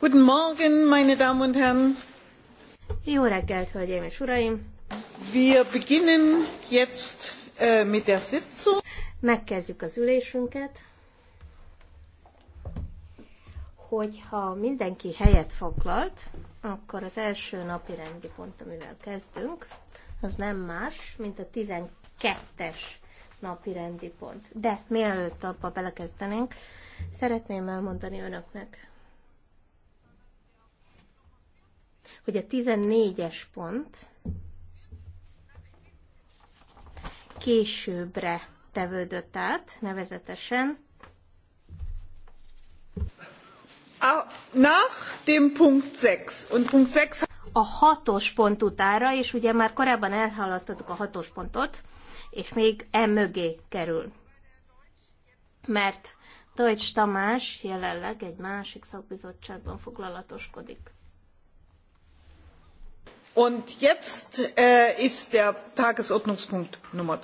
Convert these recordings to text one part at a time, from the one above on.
Guten Morgen, meine Damen und Herren. Jó reggelt, hölgyeim és uraim. Wir beginnen jetzt äh, mit der Sitzung. Megkezdjük az ülésünket. Hogyha mindenki helyet foglalt, akkor az első napi rendi pont, amivel kezdünk, az nem más, mint a 12-es napi rendi pont. De mielőtt abba belekezdenénk, szeretném elmondani önöknek, hogy a 14-es pont későbbre tevődött át, nevezetesen. A, nach dem Punkt 6. Und Punkt 6 a hatos pont utára, és ugye már korábban elhalasztottuk a hatos pontot, és még e mögé kerül. Mert Deutsch Tamás jelenleg egy másik szakbizottságban foglalatoskodik jetzt äh, ist der Tagesordnungspunkt Nummer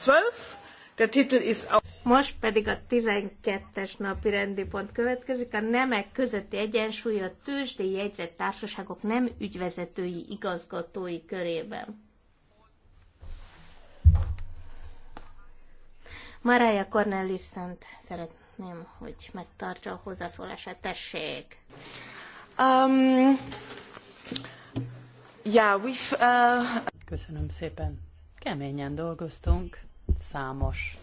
Der Titel ist Most pedig a 12-es napi rendi pont következik, a nemek közötti egyensúly a tőzsdei jegyzett társaságok nem ügyvezetői igazgatói körében. Marája Cornelissent szeretném, hogy megtartsa a hozzászólását. Tessék! Um, Yeah, we've, uh... Köszönöm szépen. Keményen dolgoztunk, számos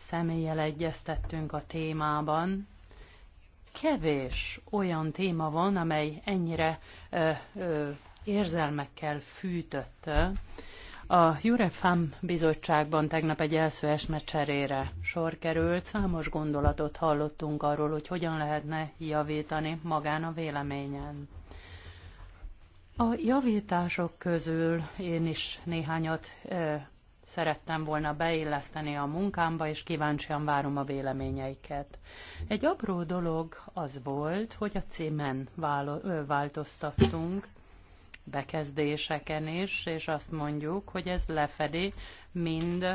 személlyel egyeztettünk a témában. Kevés olyan téma van, amely ennyire ö, ö, érzelmekkel fűtött. A Jurefam bizottságban tegnap egy első esmecserére sor került, számos gondolatot hallottunk arról, hogy hogyan lehetne javítani magán a véleményen. A javítások közül én is néhányat ö, szerettem volna beilleszteni a munkámba, és kíváncsian várom a véleményeiket. Egy apró dolog az volt, hogy a címen változtattunk, bekezdéseken is, és azt mondjuk, hogy ez lefedi mind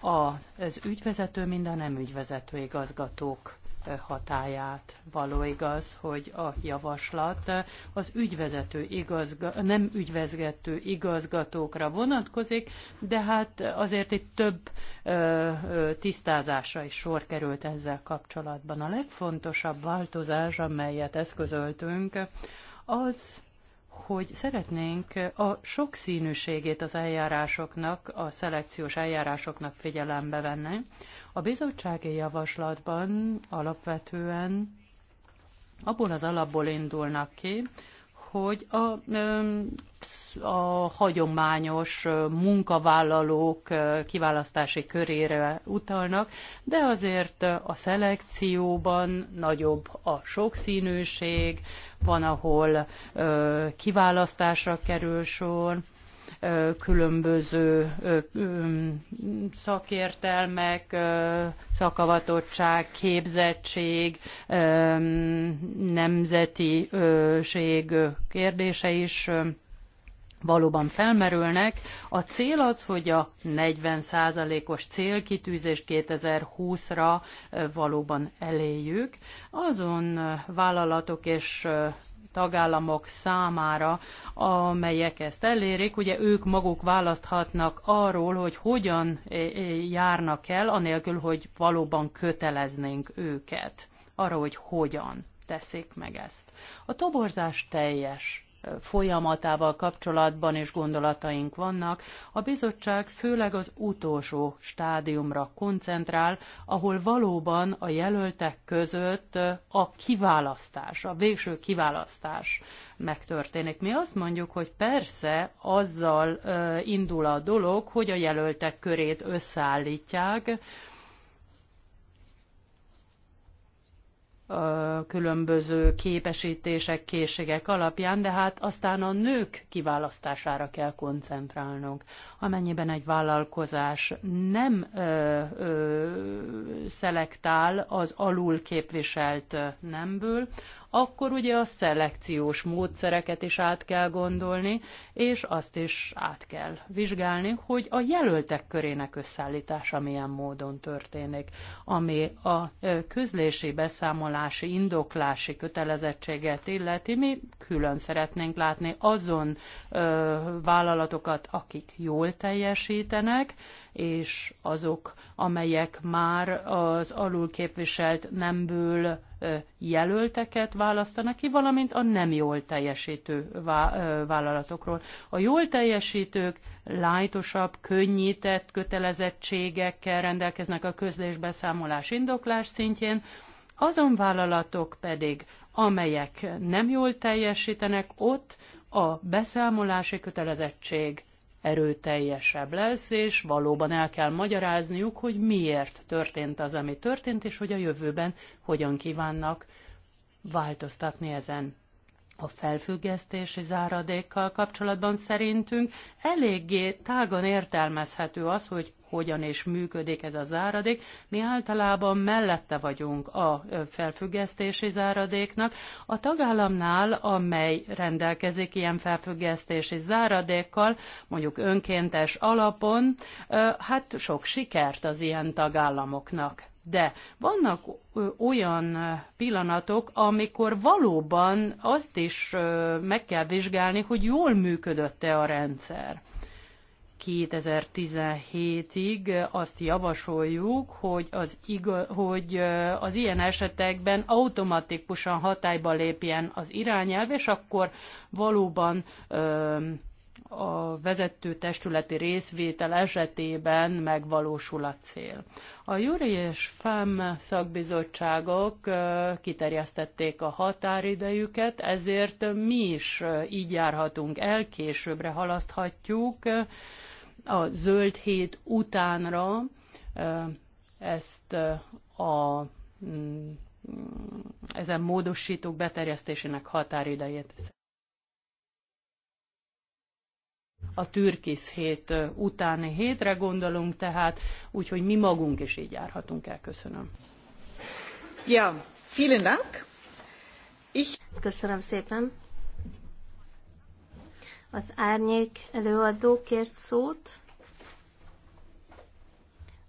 az ügyvezető, mind a nem ügyvezető igazgatók hatáját. Való igaz, hogy a javaslat az ügyvezető igazga, nem ügyvezető igazgatókra vonatkozik, de hát azért itt több ö, ö, tisztázásra is sor került ezzel kapcsolatban. A legfontosabb változás, amelyet eszközöltünk, az hogy szeretnénk a sokszínűségét az eljárásoknak, a szelekciós eljárásoknak figyelembe venni. A bizottsági javaslatban alapvetően abból az alapból indulnak ki, hogy a, a hagyományos munkavállalók kiválasztási körére utalnak, de azért a szelekcióban nagyobb a sokszínűség, van, ahol kiválasztásra kerül sor, különböző szakértelmek, szakavatottság, képzettség, nemzetiség kérdése is valóban felmerülnek. A cél az, hogy a 40%-os célkitűzés 2020-ra valóban eléjük. Azon vállalatok és tagállamok számára, amelyek ezt elérik. Ugye ők maguk választhatnak arról, hogy hogyan járnak el, anélkül, hogy valóban köteleznénk őket arra, hogy hogyan teszik meg ezt. A toborzás teljes folyamatával kapcsolatban is gondolataink vannak. A bizottság főleg az utolsó stádiumra koncentrál, ahol valóban a jelöltek között a kiválasztás, a végső kiválasztás megtörténik. Mi azt mondjuk, hogy persze azzal indul a dolog, hogy a jelöltek körét összeállítják, különböző képesítések, készségek alapján, de hát aztán a nők kiválasztására kell koncentrálnunk. Amennyiben egy vállalkozás nem ö, ö, szelektál az alul képviselt nemből, akkor ugye a szelekciós módszereket is át kell gondolni, és azt is át kell vizsgálni, hogy a jelöltek körének összeállítása milyen módon történik, ami a közlési beszámolási, indoklási kötelezettséget illeti, mi külön szeretnénk látni azon ö, vállalatokat, akik jól teljesítenek, és azok, amelyek már az alulképviselt nemből jelölteket választanak ki, valamint a nem jól teljesítő vállalatokról. A jól teljesítők lájtosabb, könnyített kötelezettségekkel rendelkeznek a közlésbeszámolás indoklás szintjén, azon vállalatok pedig, amelyek nem jól teljesítenek, ott a beszámolási kötelezettség erőteljesebb lesz, és valóban el kell magyarázniuk, hogy miért történt az, ami történt, és hogy a jövőben hogyan kívánnak változtatni ezen a felfüggesztési záradékkal kapcsolatban szerintünk eléggé tágan értelmezhető az, hogy hogyan és működik ez a záradék. Mi általában mellette vagyunk a felfüggesztési záradéknak. A tagállamnál, amely rendelkezik ilyen felfüggesztési záradékkal, mondjuk önkéntes alapon, hát sok sikert az ilyen tagállamoknak. De vannak olyan pillanatok, amikor valóban azt is meg kell vizsgálni, hogy jól működött-e a rendszer. 2017-ig azt javasoljuk, hogy az, iga, hogy az ilyen esetekben automatikusan hatályba lépjen az irányelv, és akkor valóban a vezető testületi részvétel esetében megvalósul a cél. A Júri és FEM szakbizottságok kiterjesztették a határidejüket, ezért mi is így járhatunk el, későbbre halaszthatjuk a zöld hét utánra ezt a mm, ezen módosítók beterjesztésének határidejét. a türkisz hét utáni hétre gondolunk tehát, úgyhogy mi magunk is így járhatunk el. Köszönöm. Ja, vielen Dank. Ich... Köszönöm szépen. Az árnyék előadó kért szót.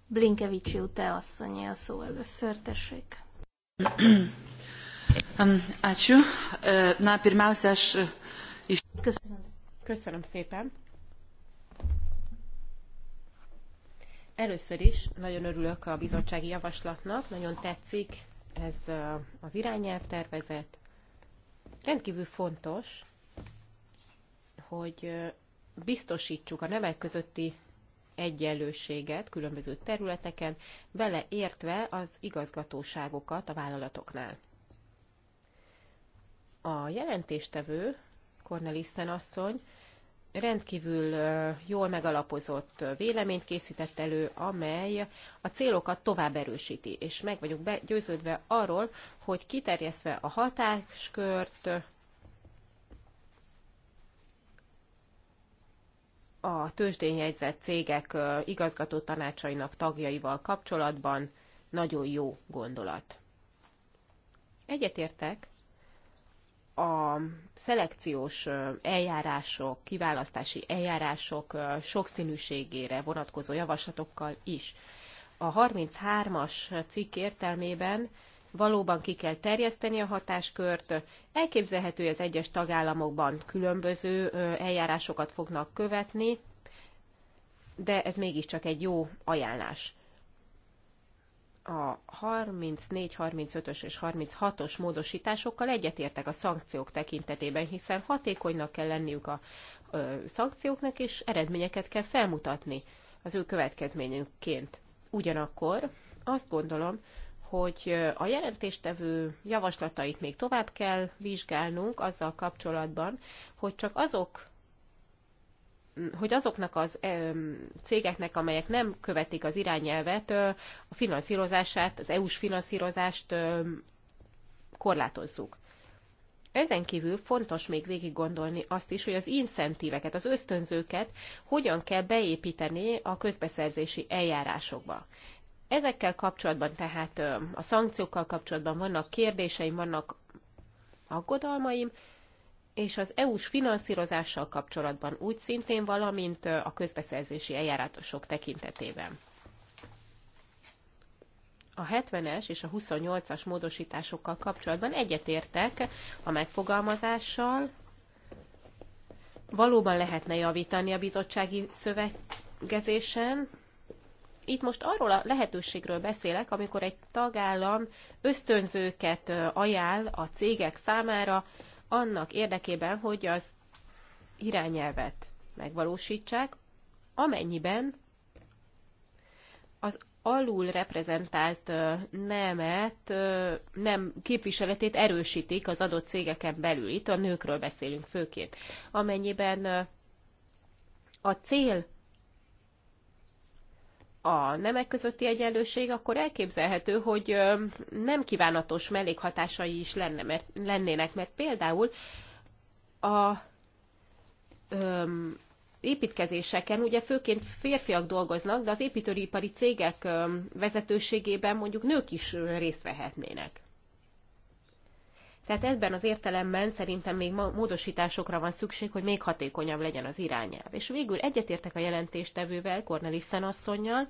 Blinkevics Jute asszonyi a szó először, tessék. Um, ácsú, na, pirmiausia, Köszönöm. Köszönöm szépen. Először is nagyon örülök a bizottsági javaslatnak, nagyon tetszik ez az irányelv tervezet. Rendkívül fontos, hogy biztosítsuk a nemek közötti egyenlőséget különböző területeken, vele értve az igazgatóságokat a vállalatoknál. A jelentéstevő, Cornelissen asszony, rendkívül jól megalapozott véleményt készített elő, amely a célokat tovább erősíti, és meg vagyok győződve arról, hogy kiterjesztve a hatáskört, a tőzsdényjegyzett cégek igazgató tanácsainak tagjaival kapcsolatban nagyon jó gondolat. Egyetértek a szelekciós eljárások, kiválasztási eljárások sokszínűségére vonatkozó javaslatokkal is. A 33-as cikk értelmében valóban ki kell terjeszteni a hatáskört. Elképzelhető, hogy az egyes tagállamokban különböző eljárásokat fognak követni, de ez mégiscsak egy jó ajánlás a 34-35-ös és 36-os módosításokkal egyetértek a szankciók tekintetében, hiszen hatékonynak kell lenniük a ö, szankcióknak, és eredményeket kell felmutatni az ő következményükként. Ugyanakkor azt gondolom, hogy a jelentéstevő javaslatait még tovább kell vizsgálnunk azzal kapcsolatban, hogy csak azok hogy azoknak az cégeknek, amelyek nem követik az irányelvet, a finanszírozását, az EU-s finanszírozást korlátozzuk. Ezen kívül fontos még végig gondolni azt is, hogy az incentíveket, az ösztönzőket hogyan kell beépíteni a közbeszerzési eljárásokba. Ezekkel kapcsolatban tehát a szankciókkal kapcsolatban vannak kérdéseim, vannak aggodalmaim, és az EU-s finanszírozással kapcsolatban úgy szintén, valamint a közbeszerzési eljárások tekintetében. A 70-es és a 28-as módosításokkal kapcsolatban egyetértek a megfogalmazással, valóban lehetne javítani a bizottsági szövegezésen. Itt most arról a lehetőségről beszélek, amikor egy tagállam ösztönzőket ajánl a cégek számára, annak érdekében, hogy az irányelvet megvalósítsák, amennyiben az alul reprezentált nemet, nem képviseletét erősítik az adott cégeken belül. Itt a nőkről beszélünk főként. Amennyiben a cél a nemek közötti egyenlőség, akkor elképzelhető, hogy nem kívánatos mellékhatásai is lenne, mert, lennének, mert például a öm, építkezéseken ugye főként férfiak dolgoznak, de az építőipari cégek öm, vezetőségében mondjuk nők is részt vehetnének. Tehát ebben az értelemben szerintem még módosításokra van szükség, hogy még hatékonyabb legyen az irányelv. És végül egyetértek a jelentéstevővel, Cornelissen asszonynal,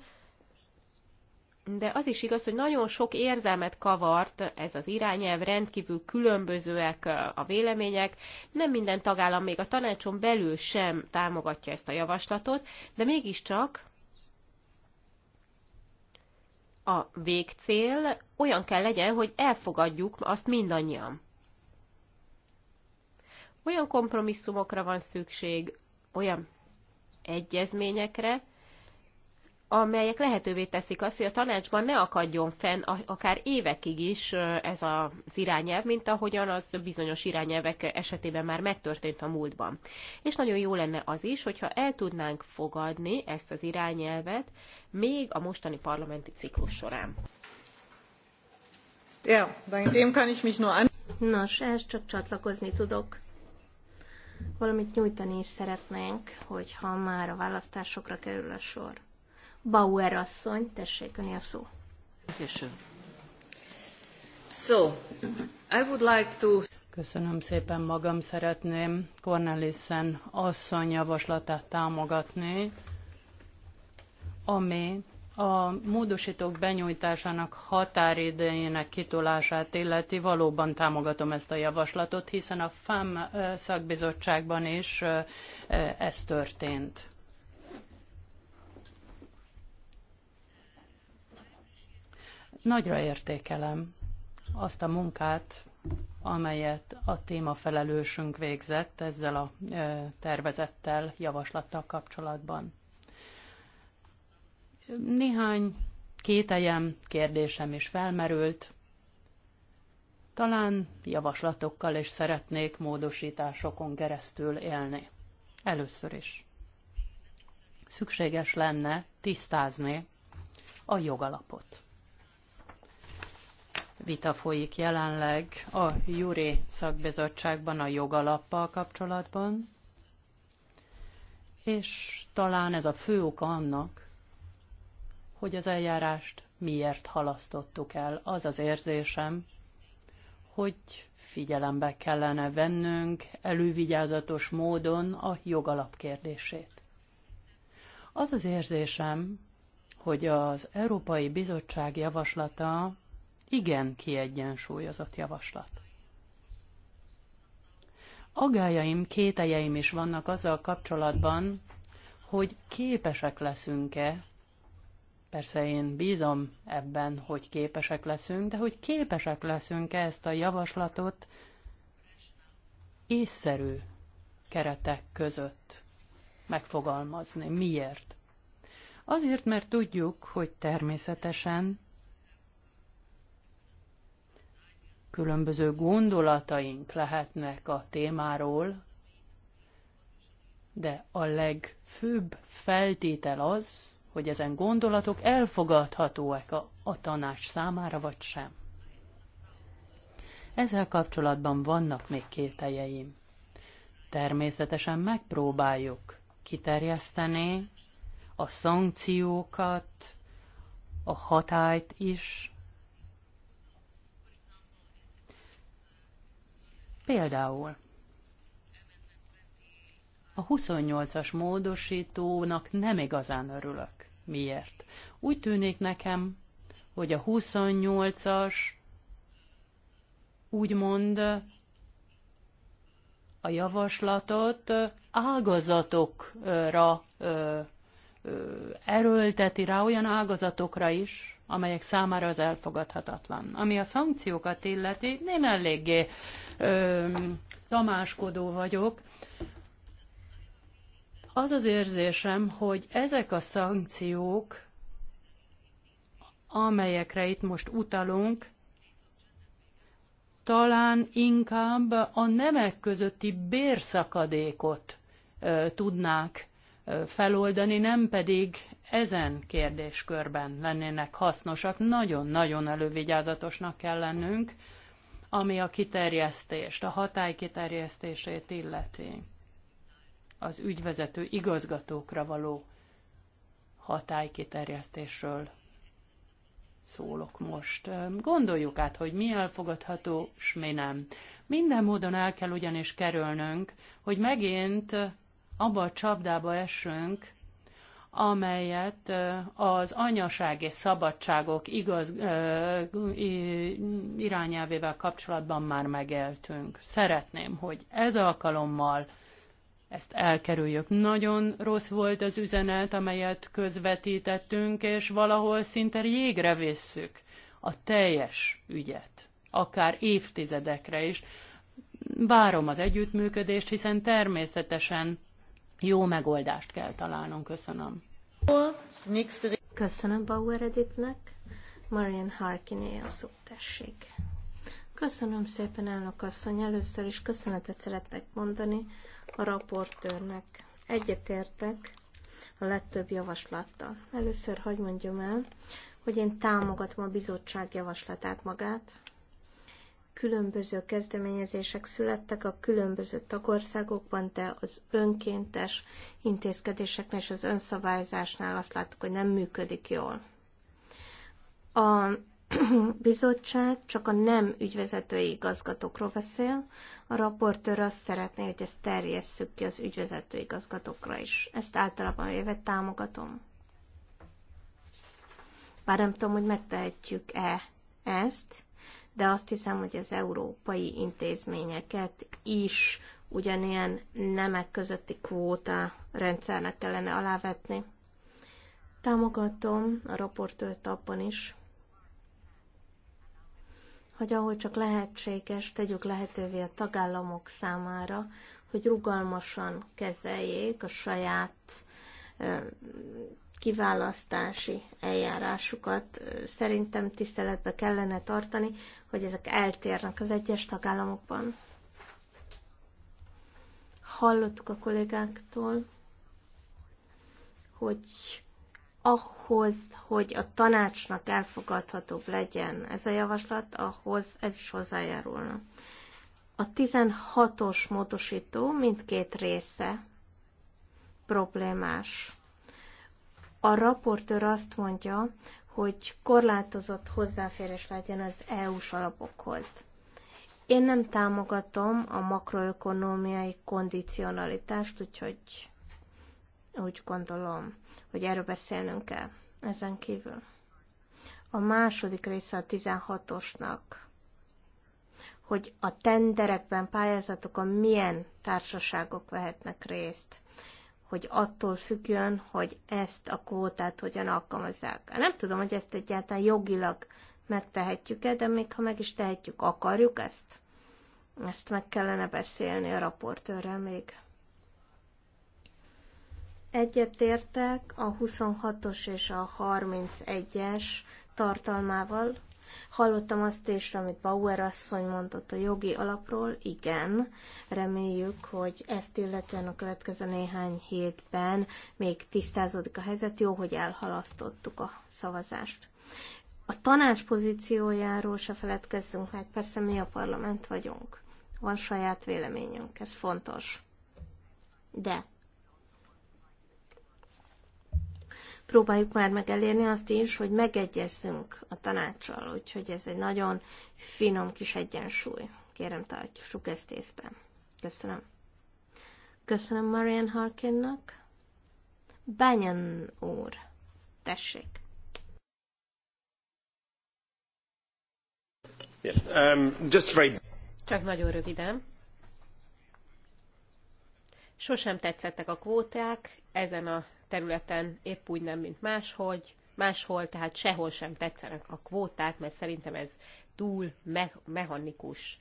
de az is igaz, hogy nagyon sok érzelmet kavart ez az irányelv, rendkívül különbözőek a vélemények, nem minden tagállam még a tanácson belül sem támogatja ezt a javaslatot, de mégiscsak a végcél olyan kell legyen, hogy elfogadjuk azt mindannyian. Olyan kompromisszumokra van szükség, olyan egyezményekre, amelyek lehetővé teszik azt, hogy a tanácsban ne akadjon fenn akár évekig is ez az irányelv, mint ahogyan az bizonyos irányelvek esetében már megtörtént a múltban. És nagyon jó lenne az is, hogyha el tudnánk fogadni ezt az irányelvet még a mostani parlamenti ciklus során. Ja, dem kann ich mich nur an... Nos, ehhez csak csatlakozni tudok valamit nyújtani is szeretnénk, hogyha már a választásokra kerül a sor. Bauer asszony, tessék öné a szó. Köszönöm. So, I would like to... Köszönöm szépen magam, szeretném Cornelissen asszony javaslatát támogatni, ami a módosítók benyújtásának határidejének kitolását illeti, valóban támogatom ezt a javaslatot, hiszen a FAM szakbizottságban is ez történt. Nagyra értékelem azt a munkát, amelyet a témafelelősünk végzett ezzel a tervezettel, javaslattal kapcsolatban. Néhány kételjem, kérdésem is felmerült. Talán javaslatokkal is szeretnék módosításokon keresztül élni. Először is. Szükséges lenne tisztázni a jogalapot. Vita folyik jelenleg a Juri szakbizottságban a jogalappal kapcsolatban, és talán ez a fő oka annak, hogy az eljárást miért halasztottuk el. Az az érzésem, hogy figyelembe kellene vennünk elővigyázatos módon a jogalap kérdését. Az az érzésem, hogy az Európai Bizottság javaslata igen kiegyensúlyozott javaslat. Agájaim, kételjeim is vannak azzal kapcsolatban, hogy képesek leszünk-e Persze én bízom ebben, hogy képesek leszünk, de hogy képesek leszünk -e ezt a javaslatot észszerű keretek között megfogalmazni. Miért? Azért, mert tudjuk, hogy természetesen különböző gondolataink lehetnek a témáról, de a legfőbb feltétel az, hogy ezen gondolatok elfogadhatóak a, a tanács számára, vagy sem. Ezzel kapcsolatban vannak még kételjeim. Természetesen megpróbáljuk kiterjeszteni a szankciókat, a hatályt is. Például a 28-as módosítónak nem igazán örülök. Miért? Úgy tűnik nekem, hogy a 28-as úgymond a javaslatot ágazatokra ö, ö, erőlteti rá olyan ágazatokra is, amelyek számára az elfogadhatatlan. Ami a szankciókat illeti, én eléggé ö, tamáskodó vagyok. Az az érzésem, hogy ezek a szankciók, amelyekre itt most utalunk, talán inkább a nemek közötti bérszakadékot ö, tudnák ö, feloldani, nem pedig ezen kérdéskörben lennének hasznosak. Nagyon-nagyon elővigyázatosnak kell lennünk, ami a kiterjesztést, a hatály kiterjesztését illeti az ügyvezető igazgatókra való hatálykiterjesztésről szólok most. Gondoljuk át, hogy mi elfogadható, s mi nem. Minden módon el kell ugyanis kerülnünk, hogy megint abba a csapdába esünk, amelyet az anyasági szabadságok igaz, irányelvével kapcsolatban már megéltünk. Szeretném, hogy ez alkalommal ezt elkerüljük. Nagyon rossz volt az üzenet, amelyet közvetítettünk, és valahol szinte jégre visszük a teljes ügyet, akár évtizedekre is. Várom az együttműködést, hiszen természetesen jó megoldást kell találnunk. Köszönöm. Köszönöm Bauer Editnek. Marian Harkiné a szó, tessék. Köszönöm szépen, elnök asszony. Először is köszönetet szeretnék mondani a raportőrnek. Egyetértek a legtöbb javaslattal. Először hagyd mondjam el, hogy én támogatom a bizottság javaslatát magát. Különböző kezdeményezések születtek a különböző tagországokban, de az önkéntes intézkedéseknél és az önszabályzásnál azt láttuk, hogy nem működik jól. A bizottság csak a nem ügyvezetői igazgatókról beszél, a raportőr azt szeretné, hogy ezt terjesszük ki az ügyvezető igazgatókra is. Ezt általában véve támogatom. Bár nem tudom, hogy megtehetjük-e ezt, de azt hiszem, hogy az európai intézményeket is ugyanilyen nemek közötti kvóta rendszernek kellene alávetni. Támogatom a raportőrt abban is, hogy ahogy csak lehetséges, tegyük lehetővé a tagállamok számára, hogy rugalmasan kezeljék a saját kiválasztási eljárásukat. Szerintem tiszteletbe kellene tartani, hogy ezek eltérnek az egyes tagállamokban. Hallottuk a kollégáktól, hogy ahhoz, hogy a tanácsnak elfogadhatóbb legyen ez a javaslat, ahhoz ez is hozzájárulna. A 16-os módosító mindkét része problémás. A raportőr azt mondja, hogy korlátozott hozzáférés legyen az EU-s alapokhoz. Én nem támogatom a makroökonómiai kondicionalitást, úgyhogy úgy gondolom, hogy erről beszélnünk kell ezen kívül. A második része a 16-osnak, hogy a tenderekben, pályázatokon milyen társaságok vehetnek részt hogy attól függön, hogy ezt a kvótát hogyan alkalmazzák. Nem tudom, hogy ezt egyáltalán jogilag megtehetjük-e, de még ha meg is tehetjük, akarjuk ezt? Ezt meg kellene beszélni a raportőrrel még. Egyetértek a 26-os és a 31-es tartalmával. Hallottam azt is, amit Bauer asszony mondott a jogi alapról. Igen, reméljük, hogy ezt illetően a következő néhány hétben még tisztázódik a helyzet. Jó, hogy elhalasztottuk a szavazást. A tanács pozíciójáról se feledkezzünk meg, persze mi a parlament vagyunk. Van saját véleményünk, ez fontos. De próbáljuk már meg elérni azt is, hogy megegyezzünk a tanácssal, úgyhogy ez egy nagyon finom kis egyensúly. Kérem, tartsuk ezt észben. Köszönöm. Köszönöm Marian Harkinnak. Bányan úr, tessék. Um, Csak nagyon röviden. Sosem tetszettek a kvóták, ezen a területen épp úgy nem, mint máshogy, máshol, tehát sehol sem tetszenek a kvóták, mert szerintem ez túl me- mechanikus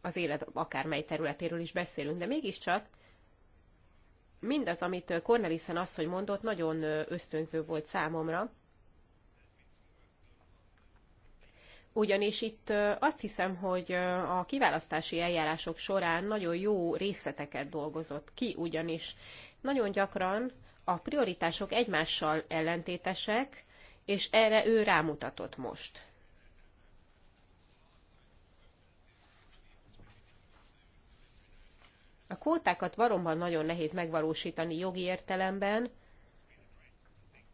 az élet akármely területéről is beszélünk, de mégiscsak mindaz, amit Cornelissen asszony mondott, nagyon ösztönző volt számomra, ugyanis itt azt hiszem, hogy a kiválasztási eljárások során nagyon jó részleteket dolgozott ki, ugyanis nagyon gyakran a prioritások egymással ellentétesek, és erre ő rámutatott most. A kvótákat valóban nagyon nehéz megvalósítani jogi értelemben,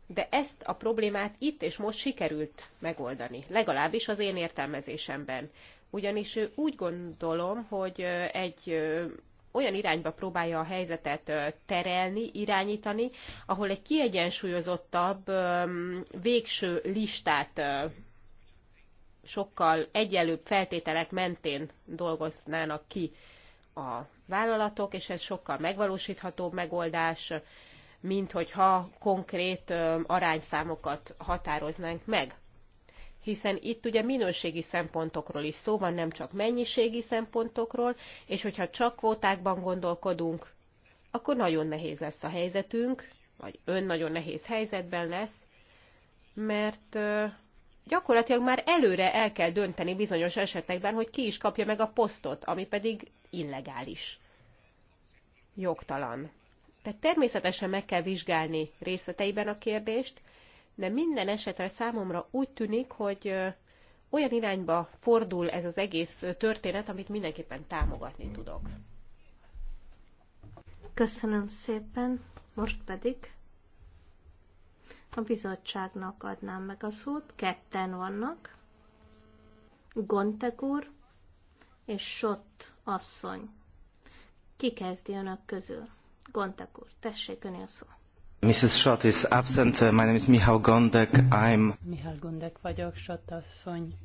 de ezt a problémát itt és most sikerült megoldani, legalábbis az én értelmezésemben. Ugyanis úgy gondolom, hogy egy olyan irányba próbálja a helyzetet terelni, irányítani, ahol egy kiegyensúlyozottabb végső listát sokkal egyelőbb feltételek mentén dolgoznának ki a vállalatok, és ez sokkal megvalósíthatóbb megoldás, mint hogyha konkrét arányszámokat határoznánk meg. Hiszen itt ugye minőségi szempontokról is szó van, nem csak mennyiségi szempontokról, és hogyha csak kvótákban gondolkodunk, akkor nagyon nehéz lesz a helyzetünk, vagy ön nagyon nehéz helyzetben lesz, mert gyakorlatilag már előre el kell dönteni bizonyos esetekben, hogy ki is kapja meg a posztot, ami pedig illegális, jogtalan. Tehát természetesen meg kell vizsgálni részleteiben a kérdést, de minden esetre számomra úgy tűnik, hogy olyan irányba fordul ez az egész történet, amit mindenképpen támogatni tudok. Köszönöm szépen, most pedig a bizottságnak adnám meg a szót, ketten vannak, Gontek úr és Sott asszony. Ki kezdi önök közül? Gondek úr, tessék önél szó. Mrs. Schott is absent. My name is Mihály Gondek. I'm... Mihály Gondek vagyok, Schott asszony.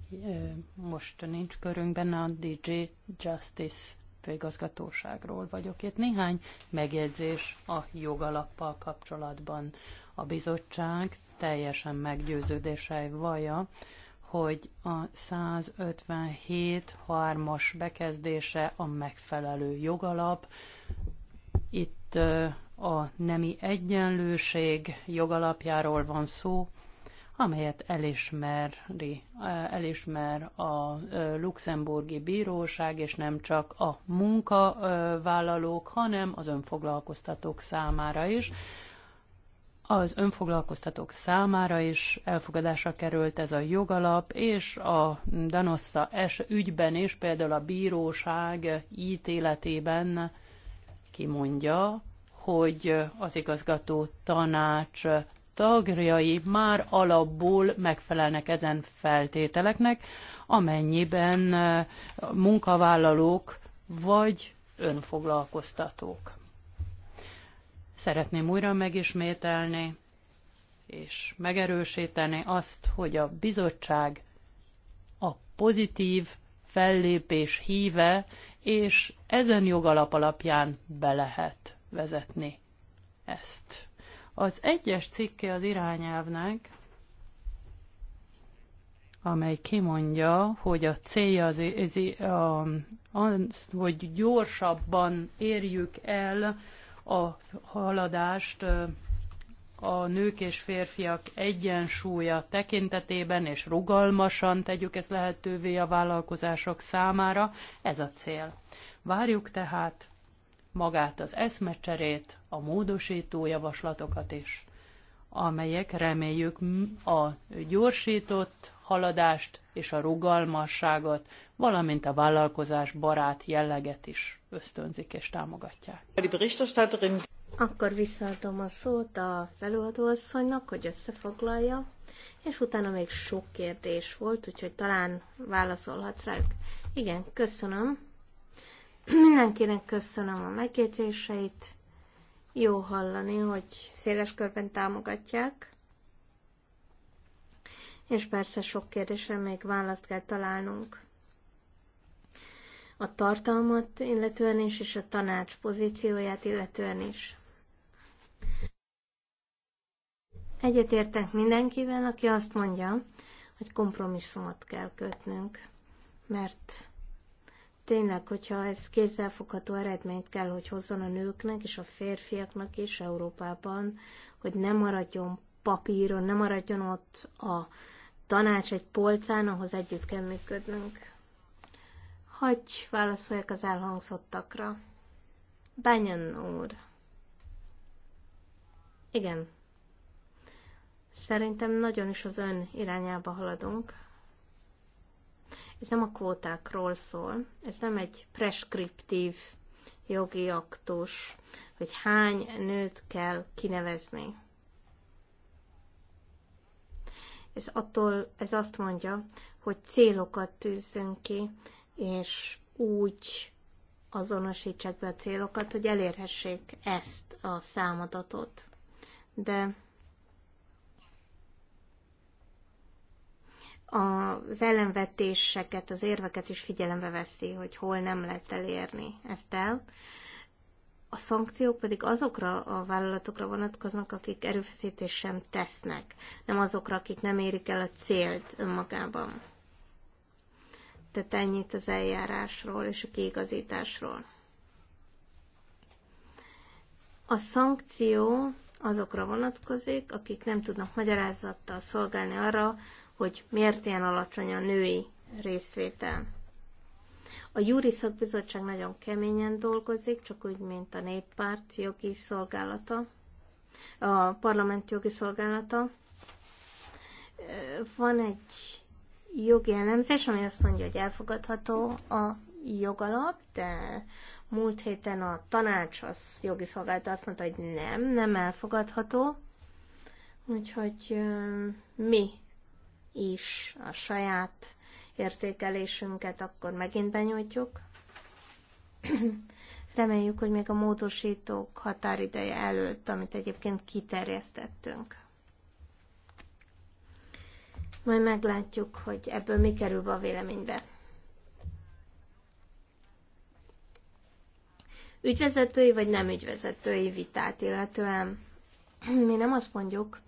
Most nincs körünkben a DJ Justice főigazgatóságról vagyok. Itt néhány megjegyzés a jogalappal kapcsolatban. A bizottság teljesen meggyőződései vaja, hogy a 157 as bekezdése a megfelelő jogalap. Itt itt a nemi egyenlőség jogalapjáról van szó, amelyet elismeri, elismer a luxemburgi bíróság, és nem csak a munkavállalók, hanem az önfoglalkoztatók számára is. Az önfoglalkoztatók számára is elfogadásra került ez a jogalap, és a Danossa es ügyben is, például a bíróság ítéletében mondja, hogy az igazgató tanács tagjai már alapból megfelelnek ezen feltételeknek, amennyiben munkavállalók vagy önfoglalkoztatók. Szeretném újra megismételni és megerősíteni azt, hogy a bizottság a pozitív fellépés híve, és ezen jogalap alapján be lehet vezetni ezt. Az egyes cikke az irányelvnek, amely kimondja, hogy a célja az, az, az hogy gyorsabban érjük el a haladást a nők és férfiak egyensúlya tekintetében, és rugalmasan tegyük ezt lehetővé a vállalkozások számára. Ez a cél. Várjuk tehát magát az eszmecserét, a módosító javaslatokat is, amelyek reméljük a gyorsított haladást és a rugalmasságot, valamint a vállalkozás barát jelleget is ösztönzik és támogatják. Akkor visszaadom a szót az előadóasszonynak, hogy összefoglalja, és utána még sok kérdés volt, úgyhogy talán válaszolhat rájuk. Igen, köszönöm. Mindenkinek köszönöm a megjegyzéseit. Jó hallani, hogy széles körben támogatják. És persze sok kérdésre még választ kell találnunk a tartalmat illetően is, és a tanács pozícióját illetően is. Egyetértek mindenkivel, aki azt mondja, hogy kompromisszumot kell kötnünk, mert tényleg, hogyha ez kézzelfogható eredményt kell, hogy hozzon a nőknek és a férfiaknak is Európában, hogy ne maradjon papíron, ne maradjon ott a tanács egy polcán, ahhoz együtt kell működnünk. Hagyj válaszoljak az elhangzottakra. Benyen úr. Igen. Szerintem nagyon is az ön irányába haladunk. Ez nem a kvótákról szól, ez nem egy preskriptív jogi aktus, hogy hány nőt kell kinevezni. És attól ez azt mondja, hogy célokat tűzzünk ki, és úgy azonosítsák be a célokat, hogy elérhessék ezt a számadatot de az ellenvetéseket, az érveket is figyelembe veszi, hogy hol nem lehet elérni ezt el. A szankciók pedig azokra a vállalatokra vonatkoznak, akik erőfeszítés sem tesznek, nem azokra, akik nem érik el a célt önmagában. Tehát ennyit az eljárásról és a kiigazításról. A szankció azokra vonatkozik, akik nem tudnak magyarázattal szolgálni arra, hogy miért ilyen alacsony a női részvétel. A Júri Szakbizottság nagyon keményen dolgozik, csak úgy, mint a néppárt jogi szolgálata, a parlament jogi szolgálata. Van egy jogi elemzés, ami azt mondja, hogy elfogadható a jogalap, de Múlt héten a tanács, az jogi szolgálata azt mondta, hogy nem, nem elfogadható. Úgyhogy mi is a saját értékelésünket akkor megint benyújtjuk. Reméljük, hogy még a módosítók határideje előtt, amit egyébként kiterjesztettünk. Majd meglátjuk, hogy ebből mi kerül be a véleménybe. ügyvezetői vagy nem ügyvezetői vitát illetően. Mi nem azt mondjuk,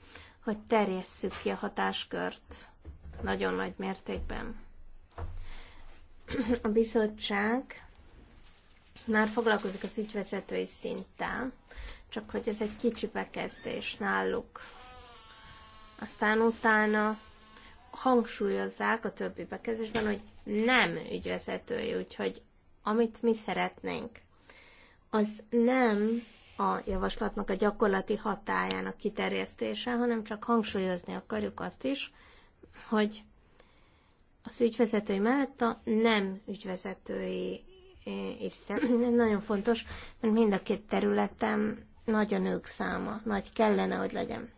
hogy terjesszük ki a hatáskört nagyon nagy mértékben. A bizottság már foglalkozik az ügyvezetői szinttel, csak hogy ez egy kicsi bekezdés náluk. Aztán utána hangsúlyozzák a többi bekezdésben, hogy nem ügyvezetői, úgyhogy amit mi szeretnénk, az nem a javaslatnak a gyakorlati hatájának kiterjesztése, hanem csak hangsúlyozni akarjuk azt is, hogy az ügyvezetői mellett a nem ügyvezetői is nagyon fontos, mert mind a két területen nagy a nők száma, nagy kellene, hogy legyen.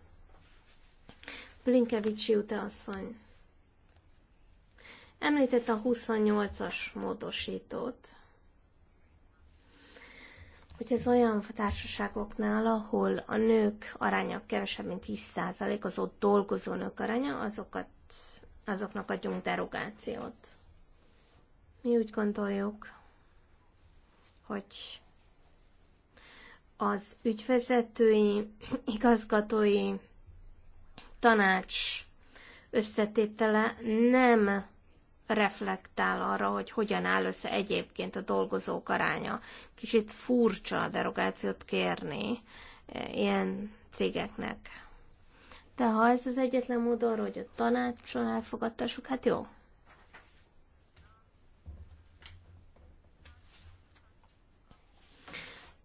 Blinkevicsi Jute asszony. Említette a 28-as módosítót, hogy az olyan társaságoknál, ahol a nők aránya kevesebb, mint 10%, az ott dolgozó nők aránya, azokat, azoknak adjunk derogációt. Mi úgy gondoljuk, hogy az ügyvezetői, igazgatói tanács összetétele nem reflektál arra, hogy hogyan áll össze egyébként a dolgozók aránya. Kicsit furcsa a derogációt kérni e, ilyen cégeknek. De ha ez az egyetlen mód arra, hogy a tanácson elfogadtassuk, hát jó.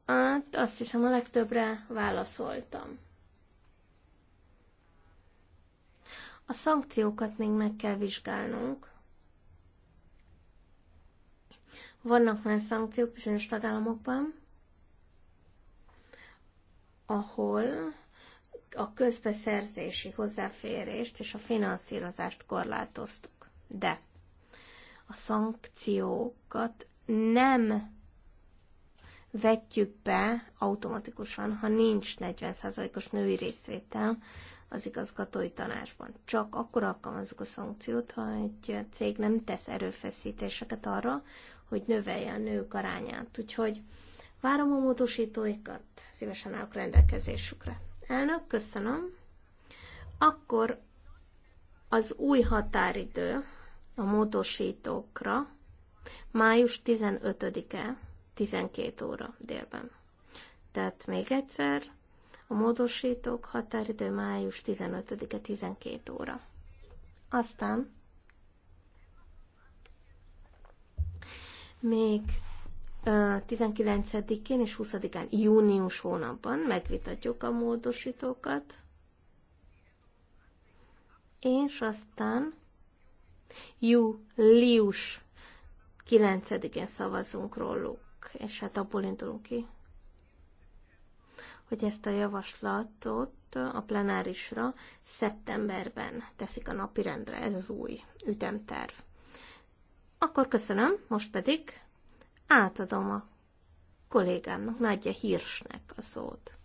Hát azt hiszem a legtöbbre válaszoltam. A szankciókat még meg kell vizsgálnunk. Vannak már szankciók bizonyos tagállamokban, ahol a közbeszerzési hozzáférést és a finanszírozást korlátoztuk. De a szankciókat nem vetjük be automatikusan, ha nincs 40%-os női részvétel az igazgatói tanácsban. Csak akkor alkalmazzuk a szankciót, ha egy cég nem tesz erőfeszítéseket arra, hogy növelje a nők arányát. Úgyhogy várom a módosítóikat, szívesen állok rendelkezésükre. Elnök, köszönöm. Akkor az új határidő a módosítókra május 15-e 12 óra délben. Tehát még egyszer, a módosítók határidő május 15-e 12 óra. Aztán még 19-én és 20-án június hónapban megvitatjuk a módosítókat, és aztán július 9-én szavazunk róluk, és hát abból indulunk ki, hogy ezt a javaslatot a plenárisra szeptemberben teszik a napirendre, ez az új ütemterv. Akkor köszönöm, most pedig átadom a kollégámnak, Nagyja Hirsnek a szót.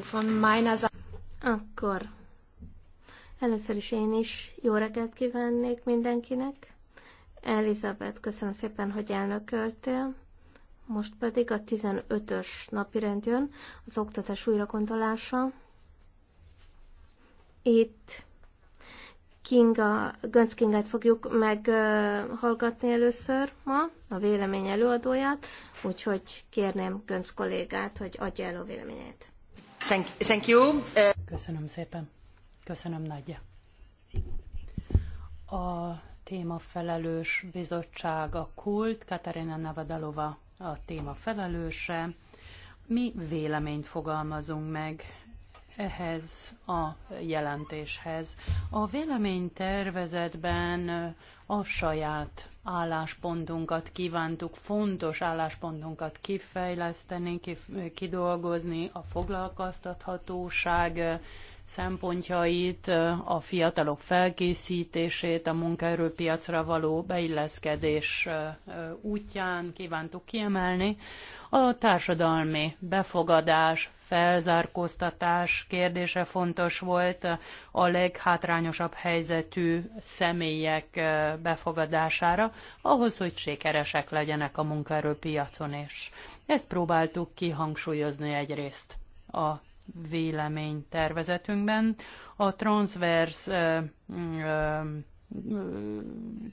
von meiner Seite. Akkor először is én is jó reggelt kívánnék mindenkinek. Elizabeth, köszönöm szépen, hogy elnököltél. Most pedig a 15-ös napi rend jön, az oktatás újrakontolása. Itt Kinga, Gönc Kingát fogjuk meghallgatni először ma, a vélemény előadóját, úgyhogy kérném Gönc kollégát, hogy adja el a véleményét. Thank you. Uh, Köszönöm szépen. Köszönöm nagyja. A témafelelős bizottság a kult, Katarina Navadalova a témafelelőse. Mi véleményt fogalmazunk meg ehhez a jelentéshez. A véleménytervezetben a saját álláspontunkat kívántuk, fontos álláspontunkat kifejleszteni, kidolgozni, a foglalkoztathatóság szempontjait, a fiatalok felkészítését, a munkaerőpiacra való beilleszkedés útján kívántuk kiemelni. A társadalmi befogadás, felzárkóztatás kérdése fontos volt, a leghátrányosabb helyzetű személyek befogadására, ahhoz, hogy sikeresek legyenek a munkaerőpiacon is. Ezt próbáltuk kihangsúlyozni egyrészt a véleménytervezetünkben. A transzvers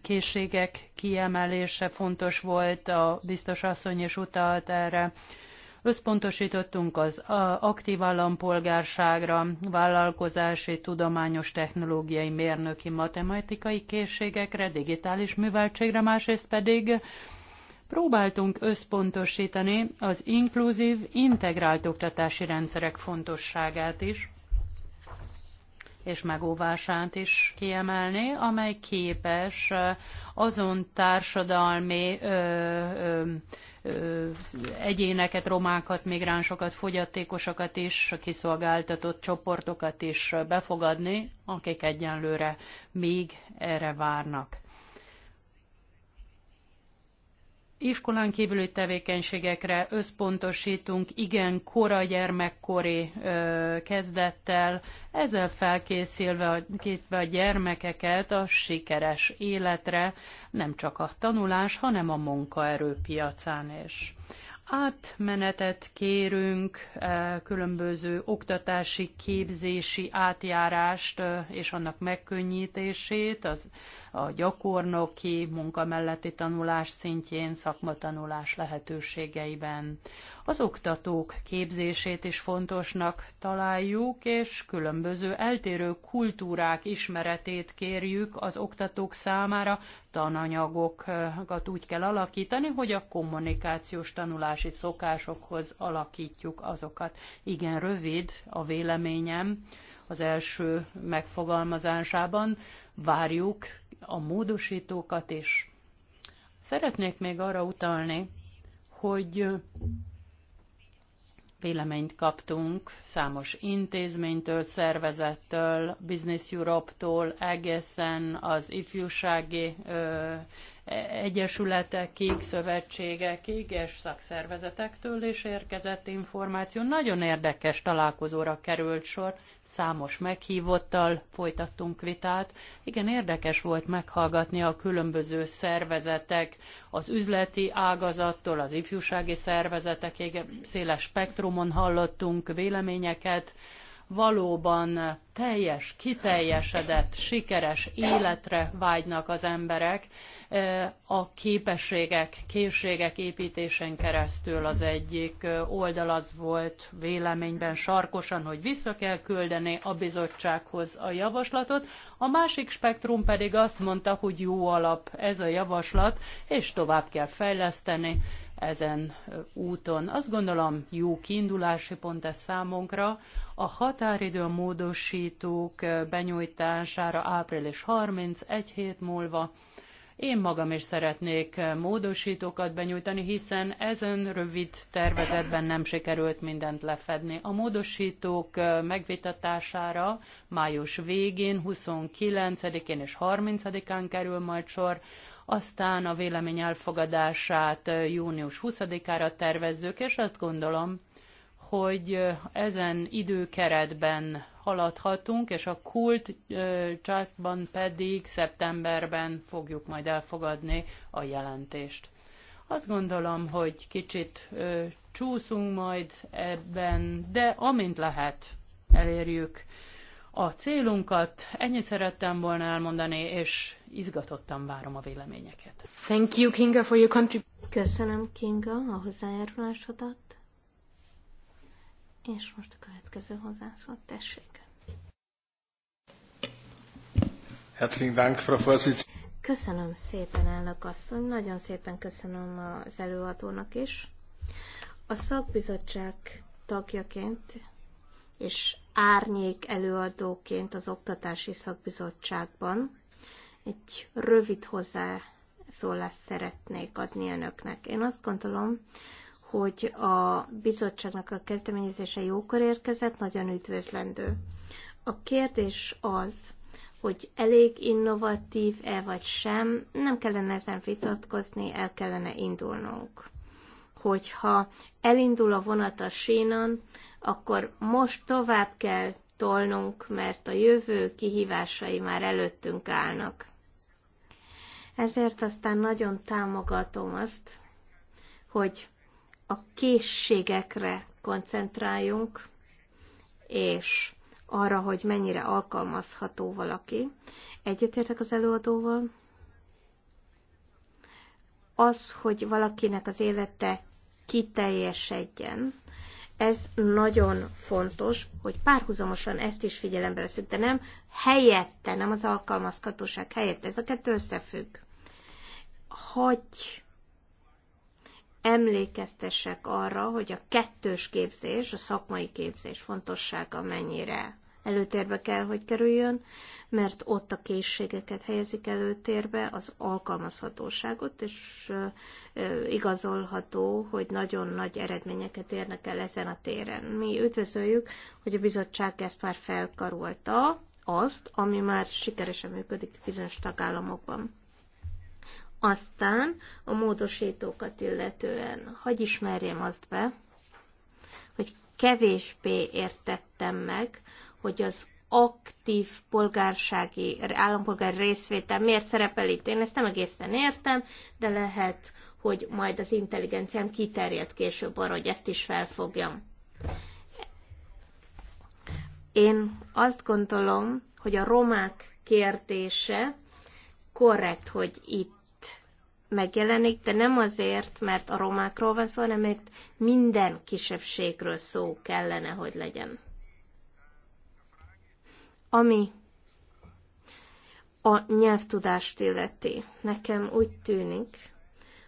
készségek kiemelése fontos volt, a biztos asszony is utalt erre. Összpontosítottunk az aktív állampolgárságra, vállalkozási, tudományos, technológiai, mérnöki, matematikai készségekre, digitális műveltségre, másrészt pedig próbáltunk összpontosítani az inkluzív, integrált oktatási rendszerek fontosságát is, és megóvását is kiemelni, amely képes azon társadalmi ö, ö, egyéneket, romákat, migránsokat, fogyatékosokat is, kiszolgáltatott csoportokat is befogadni, akik egyenlőre még erre várnak. iskolán kívüli tevékenységekre összpontosítunk, igen, kora gyermekkori ö, kezdettel, ezzel felkészülve a, a gyermekeket a sikeres életre, nem csak a tanulás, hanem a munkaerőpiacán is átmenetet kérünk, eh, különböző oktatási, képzési átjárást eh, és annak megkönnyítését az, a gyakornoki munka melletti tanulás szintjén, szakmatanulás lehetőségeiben. Az oktatók képzését is fontosnak találjuk, és különböző eltérő kultúrák ismeretét kérjük az oktatók számára, tananyagokat úgy kell alakítani, hogy a kommunikációs tanulás fogyasztási szokásokhoz alakítjuk azokat. Igen, rövid a véleményem az első megfogalmazásában. Várjuk a módosítókat is. Szeretnék még arra utalni, hogy véleményt kaptunk számos intézménytől, szervezettől, Business Europe-tól, egészen az ifjúsági ö, egyesületekig, szövetségekig és szakszervezetektől is érkezett információ. Nagyon érdekes találkozóra került sor, számos meghívottal folytattunk vitát. Igen, érdekes volt meghallgatni a különböző szervezetek, az üzleti ágazattól, az ifjúsági szervezetekig, széles spektrumon hallottunk véleményeket, valóban teljes, kiteljesedett, sikeres életre vágynak az emberek e, a képességek, készségek építésen keresztül az egyik e, oldal az volt véleményben sarkosan, hogy vissza kell küldeni a bizottsághoz a javaslatot, a másik spektrum pedig azt mondta, hogy jó alap ez a javaslat, és tovább kell fejleszteni, ezen úton. Azt gondolom, jó kiindulási pont ez számunkra. A határidő módosítók benyújtására április 30, egy hét múlva. Én magam is szeretnék módosítókat benyújtani, hiszen ezen rövid tervezetben nem sikerült mindent lefedni. A módosítók megvitatására május végén, 29-én és 30-án kerül majd sor aztán a vélemény elfogadását június 20-ára tervezzük, és azt gondolom, hogy ezen időkeretben haladhatunk, és a Kult császban pedig szeptemberben fogjuk majd elfogadni a jelentést. Azt gondolom, hogy kicsit ö, csúszunk majd ebben, de amint lehet, elérjük a célunkat. Ennyit szerettem volna elmondani, és izgatottan várom a véleményeket. Thank you, Kinga, for your country. Köszönöm, Kinga, a hozzájárulásodat. És most a következő hozzászólt, tessék. Herzlichen Dank, Frau Vorsitz. Köszönöm szépen, elnök asszony, nagyon szépen köszönöm az előadónak is. A szakbizottság tagjaként és árnyék előadóként az Oktatási Szakbizottságban. Egy rövid hozzászólást szeretnék adni önöknek. Én azt gondolom, hogy a bizottságnak a kezdeményezése jókor érkezett, nagyon üdvözlendő. A kérdés az, hogy elég innovatív-e vagy sem, nem kellene ezen vitatkozni, el kellene indulnunk. Hogyha elindul a vonat a sínon, akkor most tovább kell tolnunk, mert a jövő kihívásai már előttünk állnak. Ezért aztán nagyon támogatom azt, hogy a készségekre koncentráljunk, és arra, hogy mennyire alkalmazható valaki. Egyetértek az előadóval. Az, hogy valakinek az élete kiteljesedjen, ez nagyon fontos, hogy párhuzamosan ezt is figyelembe veszük, de nem helyette, nem az alkalmazhatóság helyette, Ez a kettő összefügg. Hogy emlékeztessek arra, hogy a kettős képzés, a szakmai képzés fontossága mennyire előtérbe kell, hogy kerüljön, mert ott a készségeket helyezik előtérbe, az alkalmazhatóságot, és igazolható, hogy nagyon nagy eredményeket érnek el ezen a téren. Mi üdvözöljük, hogy a bizottság ezt már felkarolta, azt, ami már sikeresen működik bizonyos tagállamokban. Aztán a módosítókat illetően, hogy ismerjem azt be, hogy kevésbé értettem meg, hogy az aktív polgársági, állampolgár részvétel miért szerepel itt. Én ezt nem egészen értem, de lehet, hogy majd az intelligenciám kiterjed később arra, hogy ezt is felfogjam. Én azt gondolom, hogy a romák kérdése korrekt, hogy itt megjelenik, de nem azért, mert a romákról van szó, hanem minden kisebbségről szó kellene, hogy legyen. Ami a nyelvtudást illeti, nekem úgy tűnik,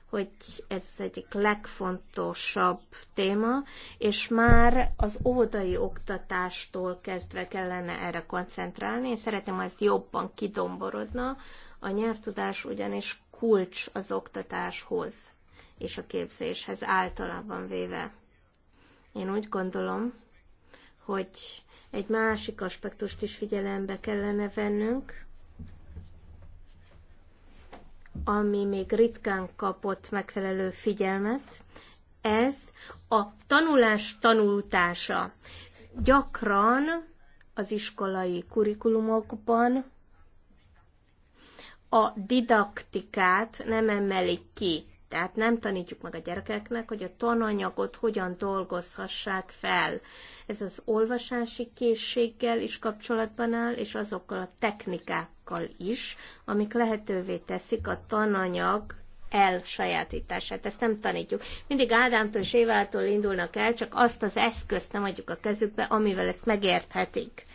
hogy ez az egyik legfontosabb téma, és már az óvodai oktatástól kezdve kellene erre koncentrálni. Én szeretem, ha ez jobban kidomborodna. A nyelvtudás ugyanis kulcs az oktatáshoz és a képzéshez általában véve. Én úgy gondolom, hogy egy másik aspektust is figyelembe kellene vennünk, ami még ritkán kapott megfelelő figyelmet, ez a tanulás tanultása. Gyakran az iskolai kurikulumokban a didaktikát nem emelik ki. Tehát nem tanítjuk meg a gyerekeknek, hogy a tananyagot hogyan dolgozhassák fel. Ez az olvasási készséggel is kapcsolatban áll, és azokkal a technikákkal is, amik lehetővé teszik a tananyag elsajátítását. Ezt nem tanítjuk. Mindig Ádámtól és Évától indulnak el, csak azt az eszközt nem adjuk a kezükbe, amivel ezt megérthetik.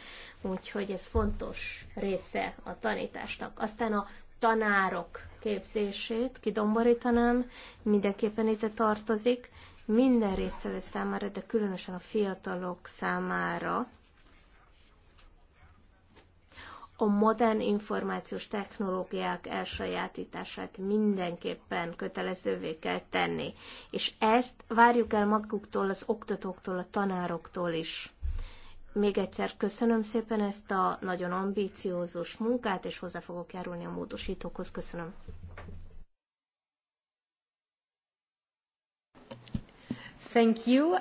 Úgyhogy ez fontos része a tanításnak. Aztán a tanárok képzését kidomborítanám, mindenképpen ide tartozik, minden résztvevő számára, de különösen a fiatalok számára. A modern információs technológiák elsajátítását mindenképpen kötelezővé kell tenni, és ezt várjuk el maguktól, az oktatóktól, a tanároktól is. Még egyszer köszönöm szépen ezt a nagyon ambíciózus munkát, és hozzá fogok járulni a módosítókhoz. Köszönöm. Thank you.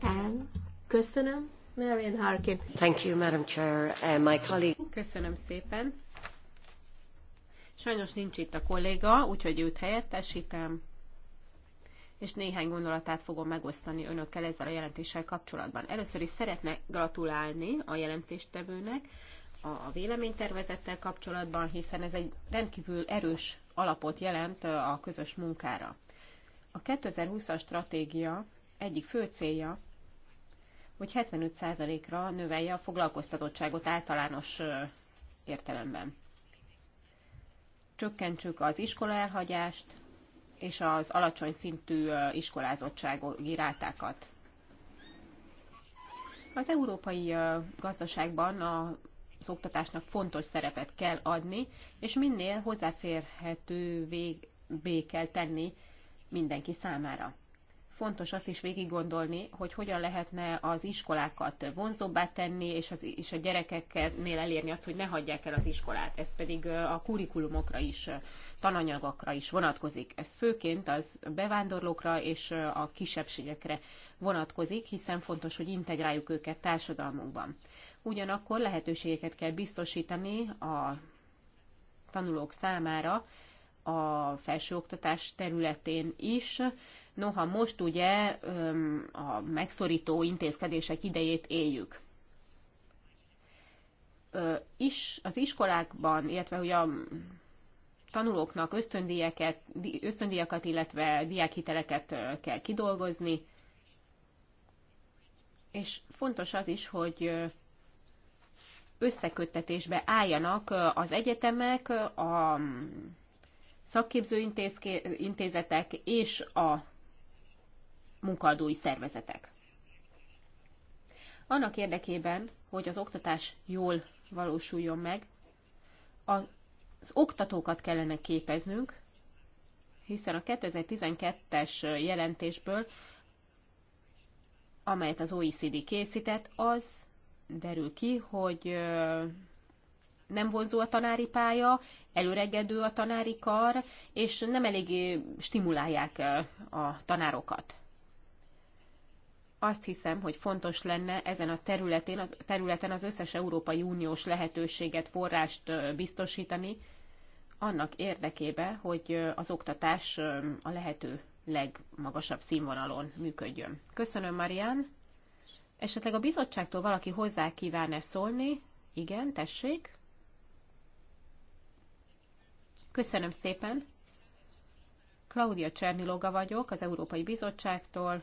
And Köszönöm. Marian Harkin. Thank you, Madam Chair. and uh, my colleague... Köszönöm szépen. Sajnos nincs itt a kolléga, úgyhogy őt helyettesítem és néhány gondolatát fogom megosztani önökkel ezzel a jelentéssel kapcsolatban. Először is szeretnék gratulálni a jelentéstevőnek a véleménytervezettel kapcsolatban, hiszen ez egy rendkívül erős alapot jelent a közös munkára. A 2020-as stratégia egyik fő célja, hogy 75%-ra növelje a foglalkoztatottságot általános értelemben. Csökkentsük az iskola elhagyást, és az alacsony szintű iskolázottsági rátákat. Az európai gazdaságban az oktatásnak fontos szerepet kell adni, és minél hozzáférhetővé kell tenni mindenki számára fontos azt is végig gondolni, hogy hogyan lehetne az iskolákat vonzóbbá tenni, és, az, és a gyerekeknél elérni azt, hogy ne hagyják el az iskolát. Ez pedig a kurikulumokra is, tananyagokra is vonatkozik. Ez főként az bevándorlókra és a kisebbségekre vonatkozik, hiszen fontos, hogy integráljuk őket társadalmunkban. Ugyanakkor lehetőségeket kell biztosítani a tanulók számára a felsőoktatás területén is, Noha most ugye a megszorító intézkedések idejét éljük. Is, az iskolákban, illetve hogy a tanulóknak ösztöndíjakat, ösztöndíjakat, illetve diákhiteleket kell kidolgozni, és fontos az is, hogy összeköttetésbe álljanak az egyetemek, a mm, szakképző intézetek és a munkadói szervezetek. Annak érdekében, hogy az oktatás jól valósuljon meg, az oktatókat kellene képeznünk, hiszen a 2012-es jelentésből, amelyet az OECD készített, az derül ki, hogy nem vonzó a tanári pálya, előregedő a tanári kar, és nem eléggé stimulálják a tanárokat azt hiszem, hogy fontos lenne ezen a területén, az, területen az összes Európai Uniós lehetőséget, forrást biztosítani, annak érdekébe, hogy az oktatás a lehető legmagasabb színvonalon működjön. Köszönöm, Marian. Esetleg a bizottságtól valaki hozzá kíván-e szólni? Igen, tessék. Köszönöm szépen. Claudia Cserniloga vagyok az Európai Bizottságtól,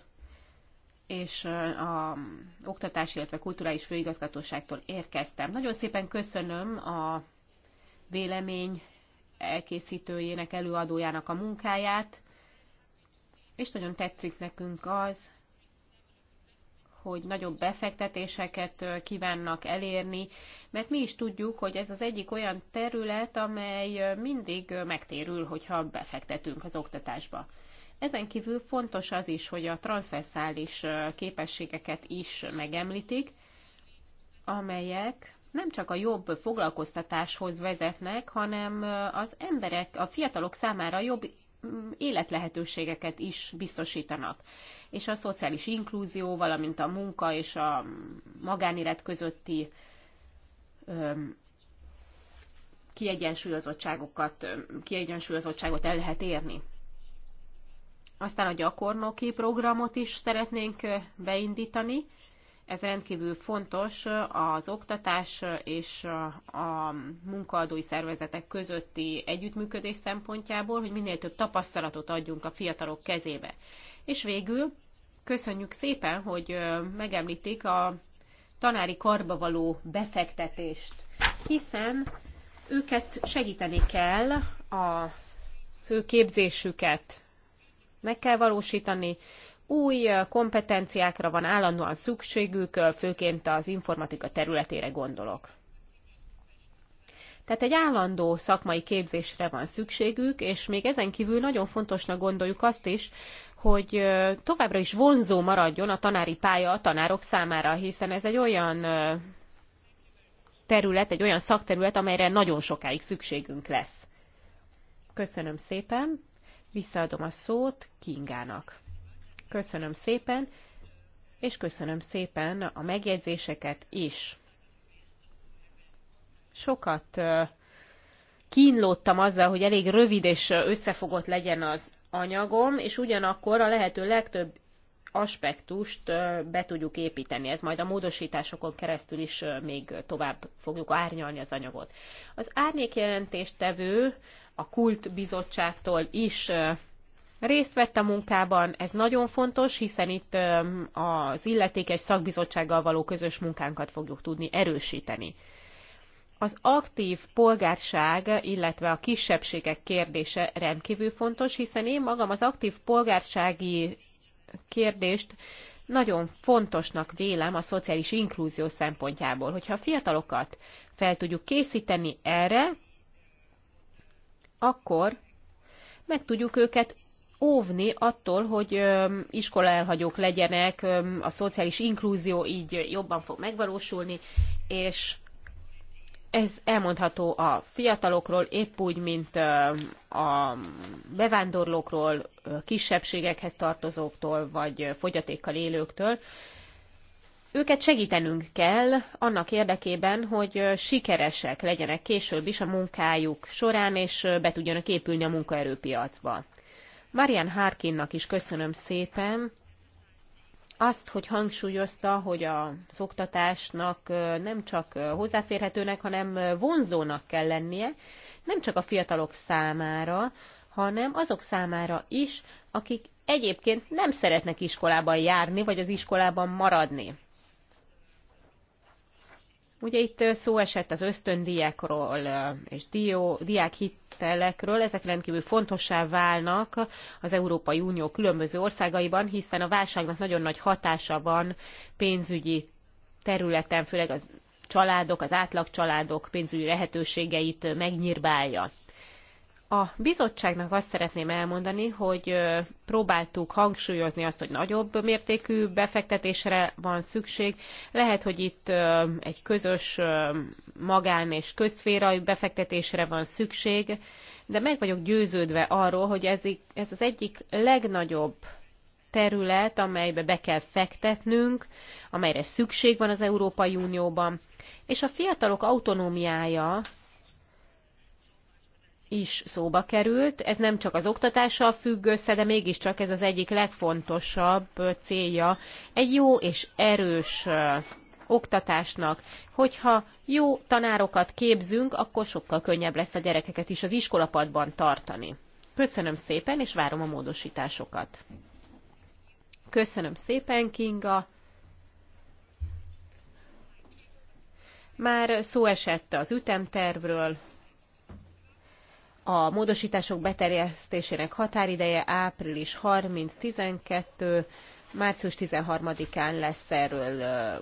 és a Oktatási, illetve Kulturális Főigazgatóságtól érkeztem. Nagyon szépen köszönöm a vélemény elkészítőjének, előadójának a munkáját, és nagyon tetszik nekünk az, hogy nagyobb befektetéseket kívánnak elérni, mert mi is tudjuk, hogy ez az egyik olyan terület, amely mindig megtérül, hogyha befektetünk az oktatásba. Ezen kívül fontos az is, hogy a transzverszális képességeket is megemlítik, amelyek nem csak a jobb foglalkoztatáshoz vezetnek, hanem az emberek, a fiatalok számára jobb mm, életlehetőségeket is biztosítanak. És a szociális inklúzió, valamint a munka és a magánélet közötti öm, kiegyensúlyozottságokat, kiegyensúlyozottságot el lehet érni. Aztán a gyakornoki programot is szeretnénk beindítani. Ez rendkívül fontos az oktatás és a munkaadói szervezetek közötti együttműködés szempontjából, hogy minél több tapasztalatot adjunk a fiatalok kezébe. És végül köszönjük szépen, hogy megemlítik a tanári karba való befektetést, hiszen őket segíteni kell a ő képzésüket meg kell valósítani, új kompetenciákra van állandóan szükségük, főként az informatika területére gondolok. Tehát egy állandó szakmai képzésre van szükségük, és még ezen kívül nagyon fontosnak gondoljuk azt is, hogy továbbra is vonzó maradjon a tanári pálya a tanárok számára, hiszen ez egy olyan terület, egy olyan szakterület, amelyre nagyon sokáig szükségünk lesz. Köszönöm szépen! Visszaadom a szót Kingának. Köszönöm szépen, és köszönöm szépen a megjegyzéseket is. Sokat kínlódtam azzal, hogy elég rövid és összefogott legyen az anyagom, és ugyanakkor a lehető legtöbb aspektust be tudjuk építeni. Ez majd a módosításokon keresztül is még tovább fogjuk árnyalni az anyagot. Az tevő a Kult Bizottságtól is részt vett a munkában. Ez nagyon fontos, hiszen itt az illetékes szakbizottsággal való közös munkánkat fogjuk tudni erősíteni. Az aktív polgárság, illetve a kisebbségek kérdése rendkívül fontos, hiszen én magam az aktív polgársági kérdést nagyon fontosnak vélem a szociális inklúzió szempontjából. Hogyha a fiatalokat fel tudjuk készíteni erre, akkor meg tudjuk őket óvni attól, hogy iskola elhagyók legyenek, a szociális inklúzió így jobban fog megvalósulni, és ez elmondható a fiatalokról, épp úgy, mint a bevándorlókról, kisebbségekhez tartozóktól, vagy fogyatékkal élőktől, őket segítenünk kell annak érdekében, hogy sikeresek legyenek később is a munkájuk során, és be tudjanak épülni a munkaerőpiacba. Marian Harkinnak is köszönöm szépen azt, hogy hangsúlyozta, hogy a szoktatásnak nem csak hozzáférhetőnek, hanem vonzónak kell lennie, nem csak a fiatalok számára, hanem azok számára is, akik egyébként nem szeretnek iskolában járni, vagy az iskolában maradni. Ugye itt szó esett az ösztöndiákról és dió, diákhitelekről, ezek rendkívül fontossá válnak az Európai Unió különböző országaiban, hiszen a válságnak nagyon nagy hatása van pénzügyi területen, főleg az családok, az átlag családok pénzügyi lehetőségeit megnyírbálja. A bizottságnak azt szeretném elmondani, hogy próbáltuk hangsúlyozni azt, hogy nagyobb mértékű befektetésre van szükség. Lehet, hogy itt egy közös magán és közférai befektetésre van szükség, de meg vagyok győződve arról, hogy ez, ez az egyik legnagyobb terület, amelybe be kell fektetnünk, amelyre szükség van az Európai Unióban. És a fiatalok autonómiája is szóba került. Ez nem csak az oktatással függ össze, de mégiscsak ez az egyik legfontosabb célja egy jó és erős oktatásnak, hogyha jó tanárokat képzünk, akkor sokkal könnyebb lesz a gyerekeket is az iskolapadban tartani. Köszönöm szépen, és várom a módosításokat. Köszönöm szépen, Kinga. Már szó esett az ütemtervről, a módosítások beterjesztésének határideje április 30-12, március 13-án lesz erről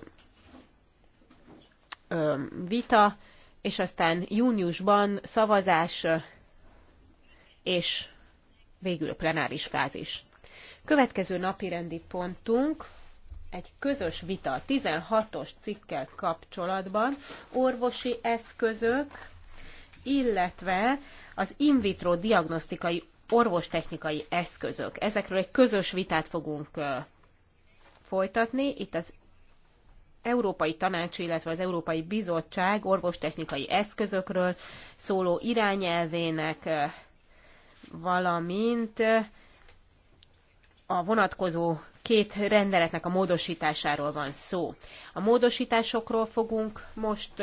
vita, és aztán júniusban szavazás és végül a plenáris fázis. Következő napi rendi pontunk egy közös vita 16-os cikkel kapcsolatban, orvosi eszközök, illetve az in vitro diagnosztikai orvostechnikai eszközök. Ezekről egy közös vitát fogunk folytatni. Itt az Európai Tanács, illetve az Európai Bizottság orvostechnikai eszközökről szóló irányelvének, valamint a vonatkozó két rendeletnek a módosításáról van szó. A módosításokról fogunk most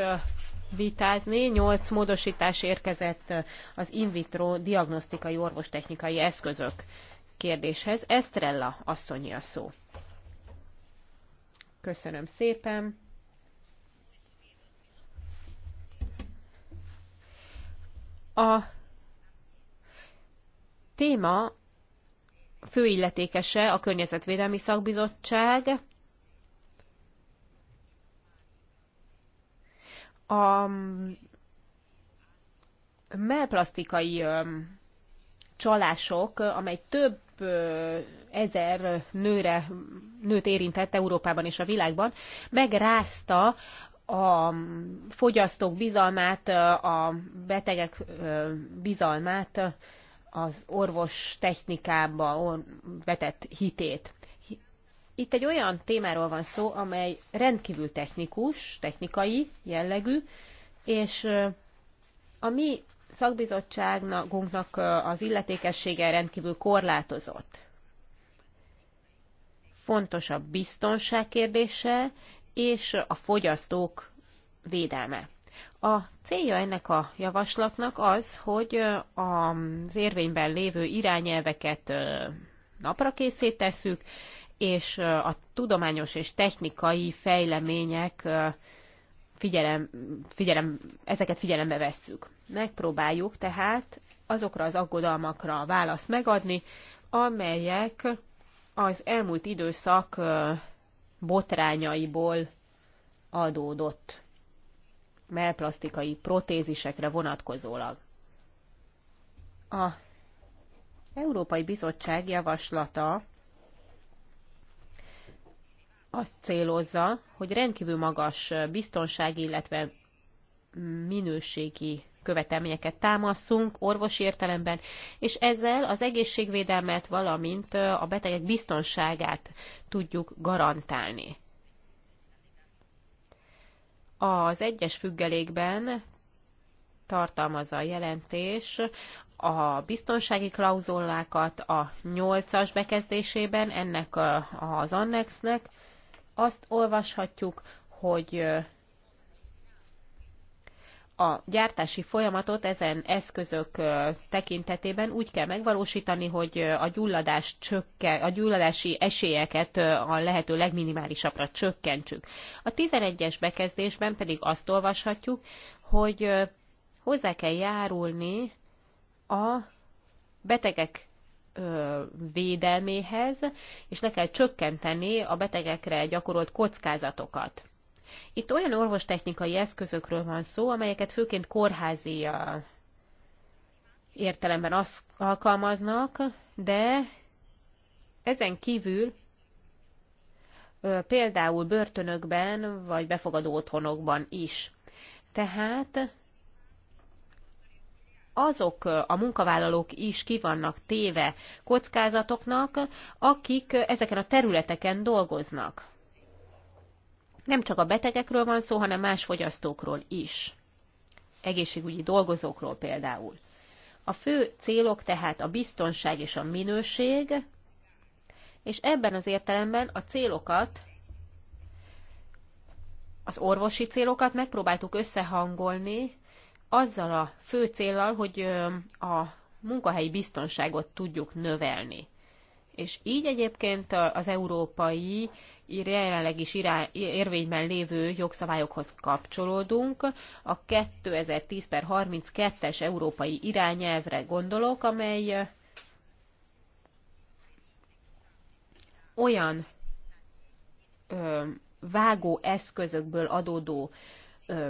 vitázni. Nyolc módosítás érkezett az in vitro diagnosztikai orvostechnikai eszközök kérdéshez. Estrella asszonyi a szó. Köszönöm szépen. A téma főilletékese a Környezetvédelmi Szakbizottság, a mm, melplasztikai mm, csalások, amely több ezer nőre, nőt érintett Európában és a világban, megrázta a fogyasztók bizalmát, a betegek bizalmát, az orvos technikába vetett hitét. Itt egy olyan témáról van szó, amely rendkívül technikus, technikai jellegű, és a mi szakbizottságunknak az illetékessége rendkívül korlátozott. Fontos a biztonság kérdése és a fogyasztók védelme. A célja ennek a javaslatnak az, hogy az érvényben lévő irányelveket napra készítesszük, és a tudományos és technikai fejlemények figyelem, figyelem, ezeket figyelembe vesszük. Megpróbáljuk tehát azokra az aggodalmakra választ megadni, amelyek az elmúlt időszak botrányaiból adódott melplasztikai protézisekre vonatkozólag. A Európai Bizottság javaslata azt célozza, hogy rendkívül magas biztonsági, illetve minőségi követelményeket támaszunk orvosi értelemben, és ezzel az egészségvédelmet, valamint a betegek biztonságát tudjuk garantálni. Az egyes függelékben tartalmaz a jelentés a biztonsági klauzulákat a nyolcas bekezdésében ennek az annexnek, azt olvashatjuk, hogy a gyártási folyamatot ezen eszközök tekintetében úgy kell megvalósítani, hogy a gyulladás csökke, a gyulladási esélyeket a lehető legminimálisabbra csökkentsük. A 11-es bekezdésben pedig azt olvashatjuk, hogy hozzá kell járulni a betegek védelméhez, és le kell csökkenteni a betegekre gyakorolt kockázatokat. Itt olyan orvostechnikai eszközökről van szó, amelyeket főként kórházi értelemben azt alkalmaznak, de ezen kívül például börtönökben vagy befogadó otthonokban is. Tehát azok a munkavállalók is kivannak téve kockázatoknak, akik ezeken a területeken dolgoznak. Nem csak a betegekről van szó, hanem más fogyasztókról is. Egészségügyi dolgozókról például. A fő célok tehát a biztonság és a minőség, és ebben az értelemben a célokat, az orvosi célokat megpróbáltuk összehangolni azzal a fő célral, hogy a munkahelyi biztonságot tudjuk növelni. És így egyébként az európai jelenleg is irá, érvényben lévő jogszabályokhoz kapcsolódunk. A 2010 per 32-es európai irányelvre gondolok, amely olyan ö, vágó eszközökből adódó ö,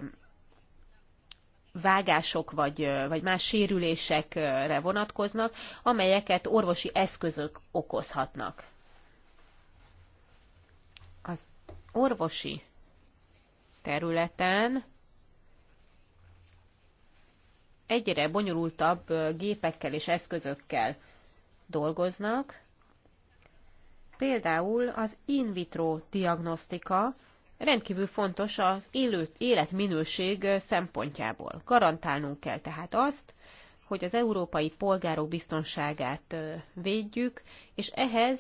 vágások vagy, vagy más sérülésekre vonatkoznak, amelyeket orvosi eszközök okozhatnak. Az orvosi területen egyre bonyolultabb gépekkel és eszközökkel dolgoznak. Például az in vitro diagnosztika rendkívül fontos az élő, életminőség szempontjából. Garantálnunk kell tehát azt, hogy az európai polgárok biztonságát védjük, és ehhez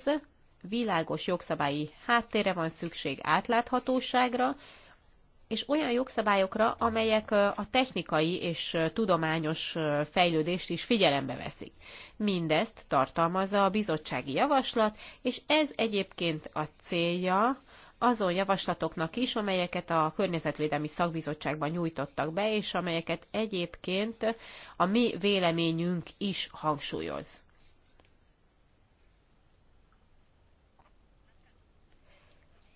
világos jogszabályi háttérre van szükség átláthatóságra, és olyan jogszabályokra, amelyek a technikai és tudományos fejlődést is figyelembe veszik. Mindezt tartalmazza a bizottsági javaslat, és ez egyébként a célja azon javaslatoknak is, amelyeket a Környezetvédelmi Szakbizottságban nyújtottak be, és amelyeket egyébként a mi véleményünk is hangsúlyoz.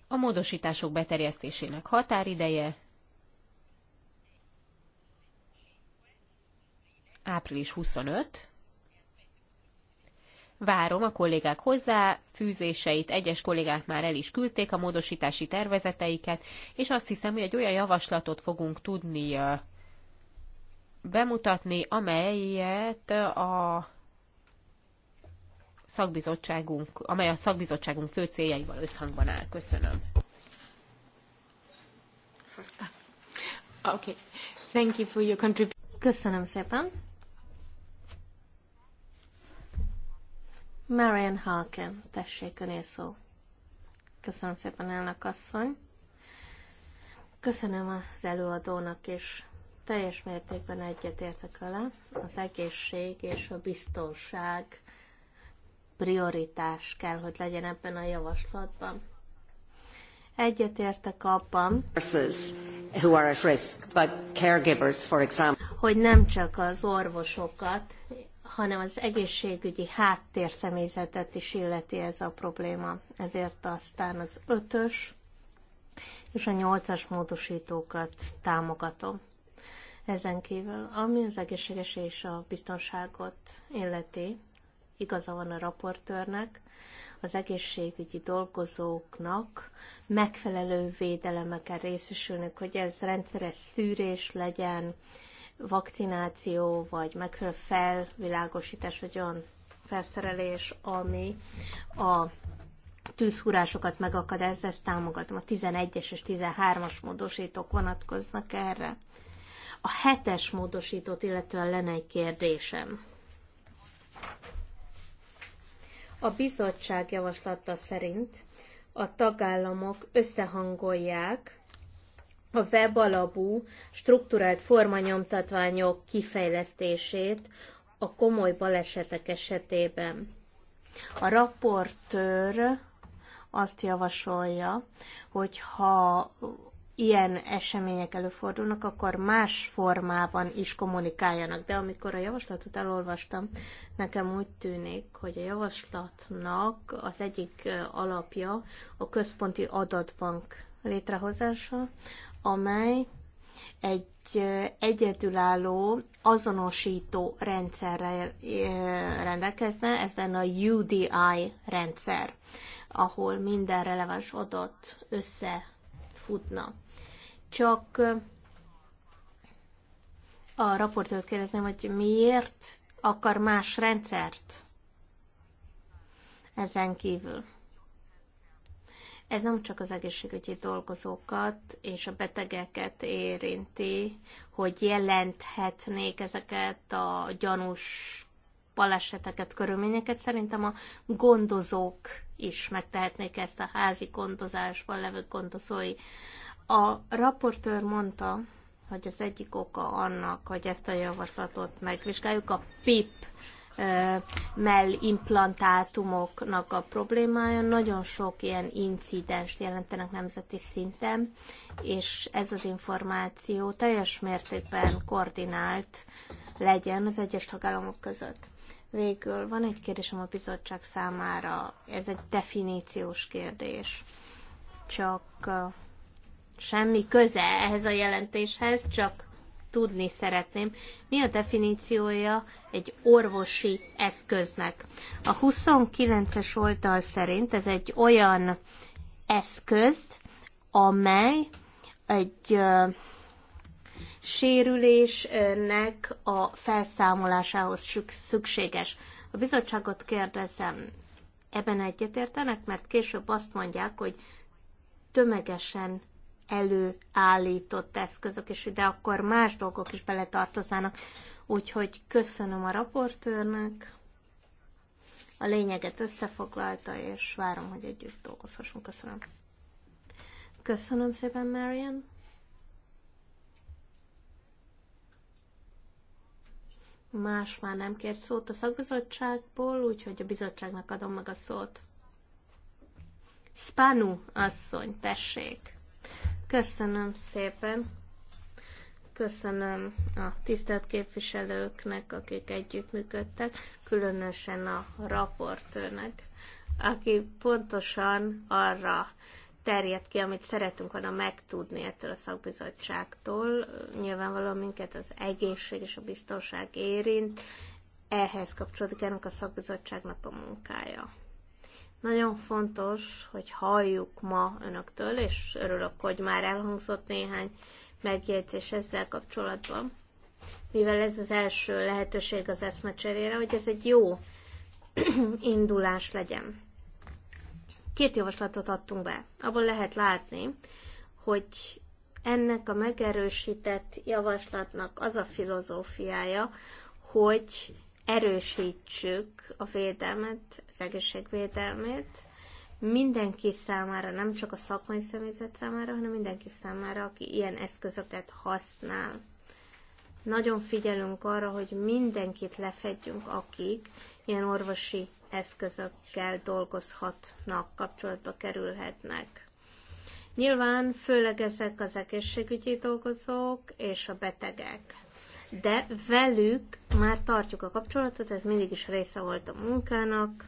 A módosítások beterjesztésének határideje április 25, várom a kollégák hozzáfűzéseit, egyes kollégák már el is küldték a módosítási tervezeteiket, és azt hiszem, hogy egy olyan javaslatot fogunk tudni bemutatni, amelyet a szakbizottságunk, amely a szakbizottságunk fő céljaival összhangban áll. Köszönöm. Okay. Thank you for your contribution. Köszönöm szépen. Marian Halken, tessék önél szó. Köszönöm szépen, elnök asszony. Köszönöm az előadónak, és teljes mértékben egyetértek vele. Az egészség és a biztonság prioritás kell, hogy legyen ebben a javaslatban. Egyetértek abban, who are at risk, but caregivers, for example. hogy nem csak az orvosokat hanem az egészségügyi háttérszemélyzetet is illeti ez a probléma. Ezért aztán az ötös és a nyolcas módosítókat támogatom. Ezen kívül, ami az egészséges és a biztonságot illeti, igaza van a raportőrnek, az egészségügyi dolgozóknak megfelelő védelemmel kell hogy ez rendszeres szűrés legyen, vakcináció, vagy megfelelő felvilágosítás, vagy olyan felszerelés, ami a tűzhúrásokat megakadályozza, ezt támogatom. A 11-es és 13-as módosítók vonatkoznak erre. A 7-es módosítót illetően lenne egy kérdésem. A bizottság javaslata szerint a tagállamok összehangolják a webalapú struktúrált formanyomtatványok kifejlesztését a komoly balesetek esetében. A raportőr azt javasolja, hogy ha ilyen események előfordulnak, akkor más formában is kommunikáljanak. De amikor a javaslatot elolvastam, nekem úgy tűnik, hogy a javaslatnak az egyik alapja a központi adatbank létrehozása, amely egy egyedülálló azonosító rendszerrel rendelkezne, ez lenne a UDI rendszer, ahol minden releváns adat összefutna. Csak a raportot kérdezném, hogy miért akar más rendszert ezen kívül. Ez nem csak az egészségügyi dolgozókat és a betegeket érinti, hogy jelenthetnék ezeket a gyanús baleseteket, körülményeket. Szerintem a gondozók is megtehetnék ezt a házi gondozásban levő gondozói. A raportőr mondta, hogy az egyik oka annak, hogy ezt a javaslatot megvizsgáljuk, a PIP mellimplantátumoknak a problémája. Nagyon sok ilyen incidens jelentenek nemzeti szinten, és ez az információ teljes mértékben koordinált legyen az egyes tagállamok között. Végül van egy kérdésem a bizottság számára, ez egy definíciós kérdés. Csak semmi köze ehhez a jelentéshez, csak tudni szeretném, mi a definíciója egy orvosi eszköznek. A 29-es oldal szerint ez egy olyan eszköz, amely egy sérülésnek a felszámolásához szükséges. A bizottságot kérdezem, ebben egyetértenek, mert később azt mondják, hogy tömegesen előállított eszközök, és ide akkor más dolgok is beletartoznának. Úgyhogy köszönöm a raportőrnek, a lényeget összefoglalta, és várom, hogy együtt dolgozhassunk. Köszönöm. Köszönöm szépen, Marian. Más már nem kért szót a szakbizottságból, úgyhogy a bizottságnak adom meg a szót. Spanu asszony, tessék! Köszönöm szépen. Köszönöm a tisztelt képviselőknek, akik együttműködtek, különösen a raportőnek, aki pontosan arra terjed ki, amit szeretünk volna megtudni ettől a szakbizottságtól. Nyilvánvalóan minket az egészség és a biztonság érint, ehhez kapcsolódik ennek a szakbizottságnak a munkája. Nagyon fontos, hogy halljuk ma önöktől, és örülök, hogy már elhangzott néhány megjegyzés ezzel kapcsolatban, mivel ez az első lehetőség az eszmecserére, hogy ez egy jó indulás legyen. Két javaslatot adtunk be. Abban lehet látni, hogy ennek a megerősített javaslatnak az a filozófiája, hogy erősítsük a védelmet, az egészségvédelmét mindenki számára, nem csak a szakmai személyzet számára, hanem mindenki számára, aki ilyen eszközöket használ. Nagyon figyelünk arra, hogy mindenkit lefedjünk, akik ilyen orvosi eszközökkel dolgozhatnak, kapcsolatba kerülhetnek. Nyilván főleg ezek az egészségügyi dolgozók és a betegek de velük már tartjuk a kapcsolatot, ez mindig is része volt a munkának,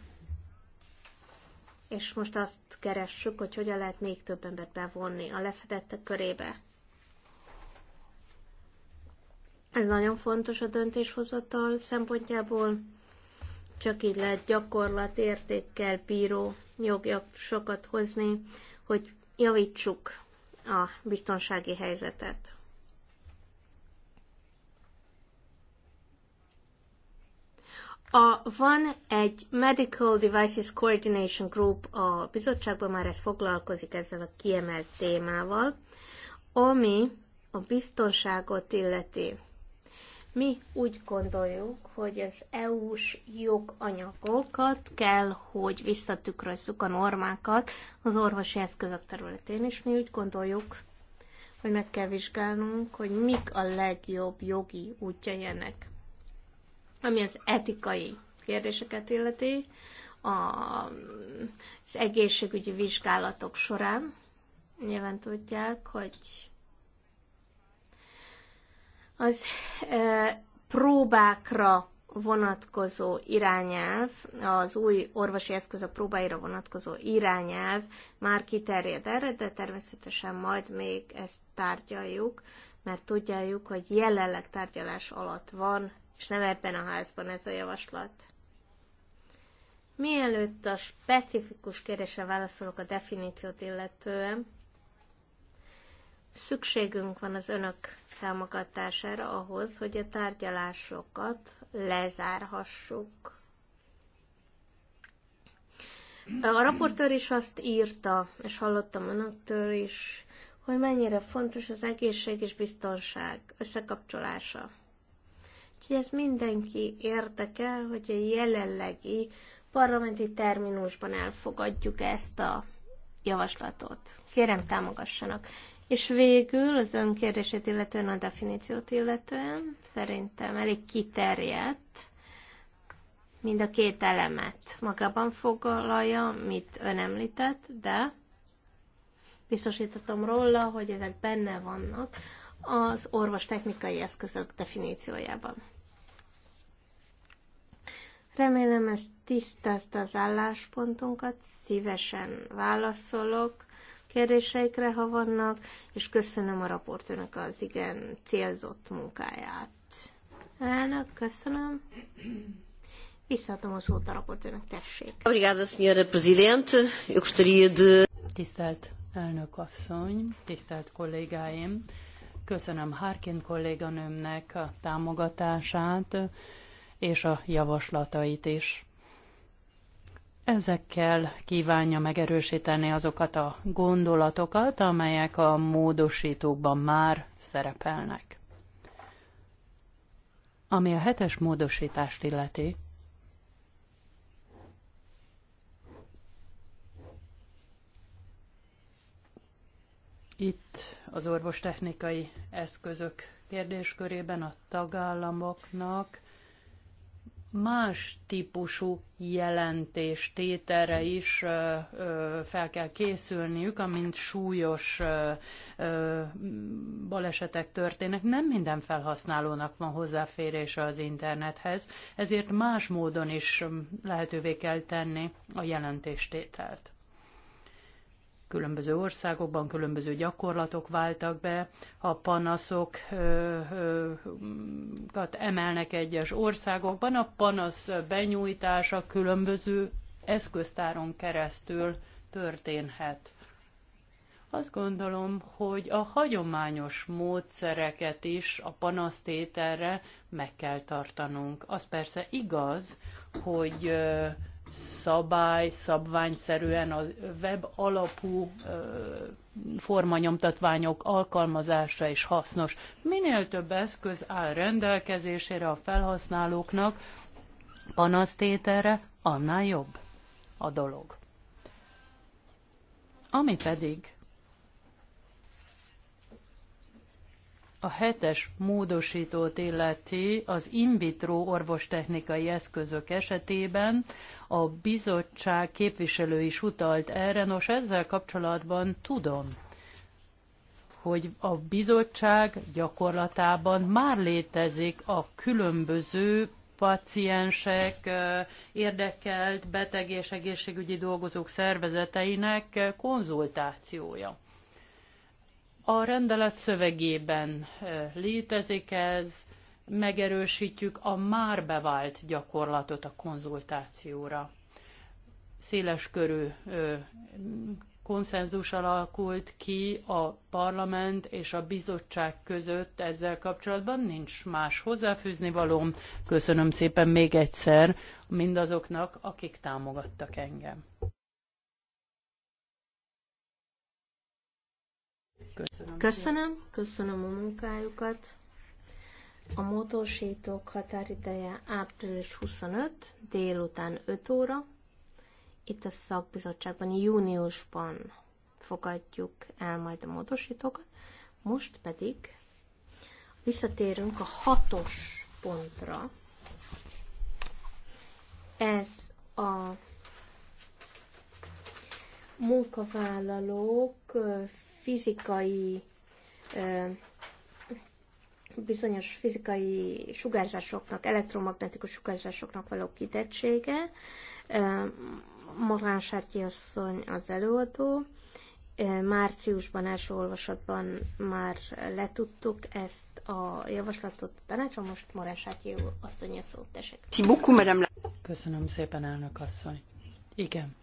és most azt keressük, hogy hogyan lehet még több embert bevonni a lefedettek körébe. Ez nagyon fontos a döntéshozatal szempontjából, csak így lehet értékkel bíró jogjak sokat hozni, hogy javítsuk a biztonsági helyzetet. A, van egy Medical Devices Coordination Group a bizottságban, már ez foglalkozik ezzel a kiemelt témával, ami a biztonságot illeti. Mi úgy gondoljuk, hogy az EU-s joganyagokat kell, hogy visszatükrözzük a normákat az orvosi eszközök területén, és mi úgy gondoljuk, hogy meg kell vizsgálnunk, hogy mik a legjobb jogi útjai ennek ami az etikai kérdéseket illeti, az egészségügyi vizsgálatok során. Nyilván tudják, hogy az e, próbákra vonatkozó irányelv, az új orvosi eszközök próbáira vonatkozó irányelv már kiterjed erre, de természetesen majd még ezt tárgyaljuk, mert tudjáljuk, hogy jelenleg tárgyalás alatt van és nem ebben a házban ez a javaslat. Mielőtt a specifikus kérdésre válaszolok a definíciót illetően, szükségünk van az önök támogatására ahhoz, hogy a tárgyalásokat lezárhassuk. A raportőr is azt írta, és hallottam önöktől is, hogy mennyire fontos az egészség és biztonság összekapcsolása. Úgyhogy ez mindenki érdekel, hogy a jelenlegi parlamenti terminusban elfogadjuk ezt a javaslatot. Kérem, támogassanak. És végül az önkérdését illetően, a definíciót illetően szerintem elég kiterjedt mind a két elemet magában foglalja, mit ön említett, de biztosítatom róla, hogy ezek benne vannak az technikai eszközök definíciójában. Remélem ez tisztázta az álláspontunkat, szívesen válaszolok kérdéseikre, ha vannak, és köszönöm a raportőnek az igen célzott munkáját. Elnök, köszönöm. Visszaadom a szót a raportőnek, tessék. Obrigada, senhora presidente. Eu gostaria de... Tisztelt elnök asszony, tisztelt kollégáim, köszönöm Harkin kolléganőmnek a támogatását és a javaslatait is. Ezekkel kívánja megerősíteni azokat a gondolatokat, amelyek a módosítókban már szerepelnek. Ami a hetes módosítást illeti, Itt az orvostechnikai eszközök kérdéskörében a tagállamoknak más típusú jelentéstételre is fel kell készülniük, amint súlyos balesetek történnek. Nem minden felhasználónak van hozzáférése az internethez, ezért más módon is lehetővé kell tenni a jelentéstételt különböző országokban különböző gyakorlatok váltak be, a panaszokat emelnek egyes országokban, a panasz benyújtása különböző eszköztáron keresztül történhet. Azt gondolom, hogy a hagyományos módszereket is a panasztételre meg kell tartanunk. Az persze igaz, hogy szabály, szabványszerűen a web alapú formanyomtatványok alkalmazása is hasznos. Minél több eszköz áll rendelkezésére a felhasználóknak, panasztételre, annál jobb a dolog. Ami pedig a hetes módosítót illeti az in vitro orvostechnikai eszközök esetében a bizottság képviselő is utalt erre. Nos, ezzel kapcsolatban tudom, hogy a bizottság gyakorlatában már létezik a különböző paciensek, érdekelt beteg és egészségügyi dolgozók szervezeteinek konzultációja a rendelet szövegében létezik ez, megerősítjük a már bevált gyakorlatot a konzultációra. Széles körű konszenzus alakult ki a parlament és a bizottság között ezzel kapcsolatban. Nincs más hozzáfűzni valóm. Köszönöm szépen még egyszer mindazoknak, akik támogattak engem. Köszönöm. Köszönöm, köszönöm a munkájukat. A motorsítók határideje április 25, délután 5 óra. Itt a szakbizottságban júniusban fogadjuk el majd a módosítókat. Most pedig visszatérünk a hatos pontra. Ez a munkavállalók fizikai bizonyos fizikai sugárzásoknak, elektromagnetikus sugárzásoknak való kitettsége. Morán Sártyi asszony az előadó. Márciusban első olvasatban már letudtuk ezt a javaslatot tanácsom most Morán Sártyi asszony a szót tesek. Köszönöm szépen, elnök asszony. Igen,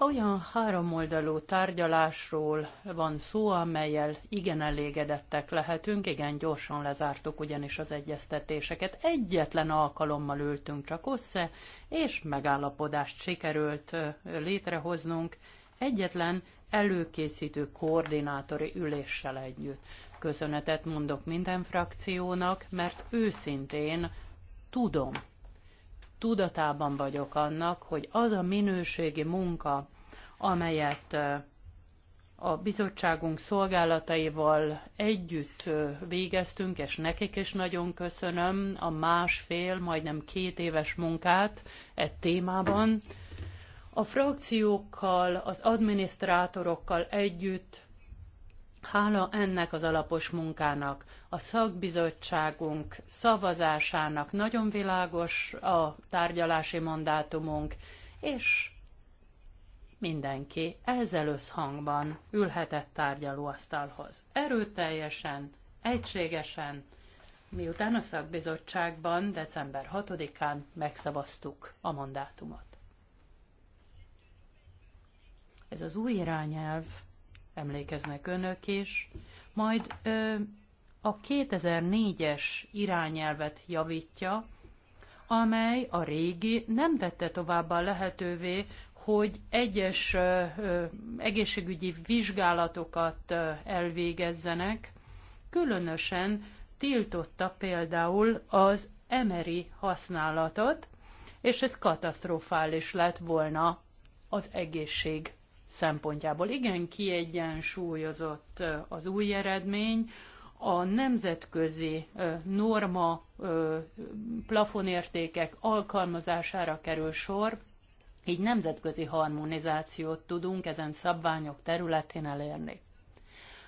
olyan háromoldalú tárgyalásról van szó, amelyel igen elégedettek lehetünk, igen gyorsan lezártuk ugyanis az egyeztetéseket. Egyetlen alkalommal ültünk csak össze, és megállapodást sikerült létrehoznunk egyetlen előkészítő koordinátori üléssel együtt. Köszönetet mondok minden frakciónak, mert őszintén tudom, tudatában vagyok annak, hogy az a minőségi munka, amelyet a bizottságunk szolgálataival együtt végeztünk, és nekik is nagyon köszönöm a másfél, majdnem két éves munkát e témában. A frakciókkal, az adminisztrátorokkal együtt Hála ennek az alapos munkának, a szakbizottságunk szavazásának nagyon világos a tárgyalási mandátumunk, és mindenki ezzel összhangban ülhetett tárgyalóasztalhoz. Erőteljesen, egységesen, miután a szakbizottságban december 6-án megszavaztuk a mandátumot. Ez az új irányelv emlékeznek önök is, majd ö, a 2004-es irányelvet javítja, amely a régi nem tette továbbá lehetővé, hogy egyes ö, ö, egészségügyi vizsgálatokat ö, elvégezzenek, különösen tiltotta például az emeri használatot, és ez katasztrofális lett volna az egészség szempontjából. Igen kiegyensúlyozott az új eredmény, a nemzetközi norma plafonértékek alkalmazására kerül sor, így nemzetközi harmonizációt tudunk ezen szabványok területén elérni.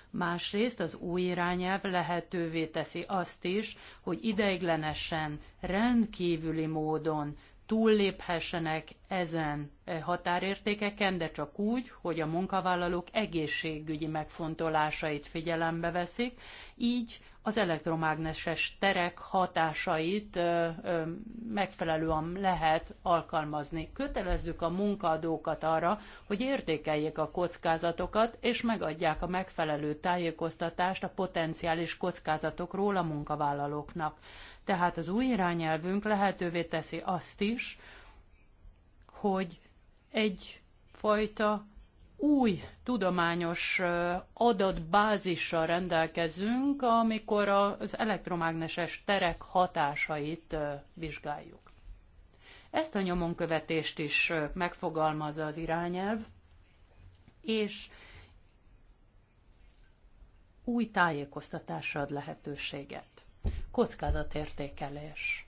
Másrészt az új irányelv lehetővé teszi azt is, hogy ideiglenesen, rendkívüli módon túlléphessenek ezen határértékeken, de csak úgy, hogy a munkavállalók egészségügyi megfontolásait figyelembe veszik, így az elektromágneses terek hatásait ö, ö, megfelelően lehet alkalmazni. Kötelezzük a munkaadókat arra, hogy értékeljék a kockázatokat, és megadják a megfelelő tájékoztatást a potenciális kockázatokról a munkavállalóknak. Tehát az új irányelvünk lehetővé teszi azt is, hogy egyfajta új tudományos adatbázissal rendelkezünk, amikor az elektromágneses terek hatásait vizsgáljuk. Ezt a nyomonkövetést is megfogalmazza az irányelv, és új tájékoztatásra ad lehetőséget kockázatértékelés.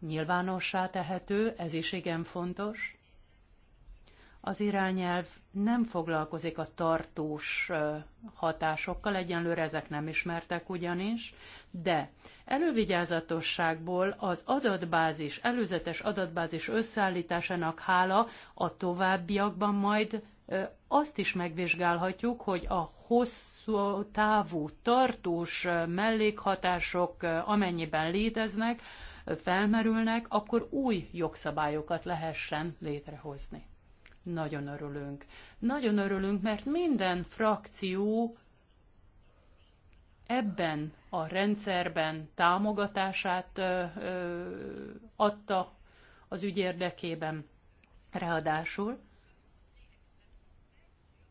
Nyilvánossá tehető, ez is igen fontos. Az irányelv nem foglalkozik a tartós hatásokkal, egyenlőre ezek nem ismertek ugyanis, de elővigyázatosságból az adatbázis, előzetes adatbázis összeállításának hála a továbbiakban majd azt is megvizsgálhatjuk, hogy a hosszú távú tartós mellékhatások amennyiben léteznek, felmerülnek, akkor új jogszabályokat lehessen létrehozni. Nagyon örülünk. Nagyon örülünk, mert minden frakció ebben a rendszerben támogatását adta az ügy érdekében. Ráadásul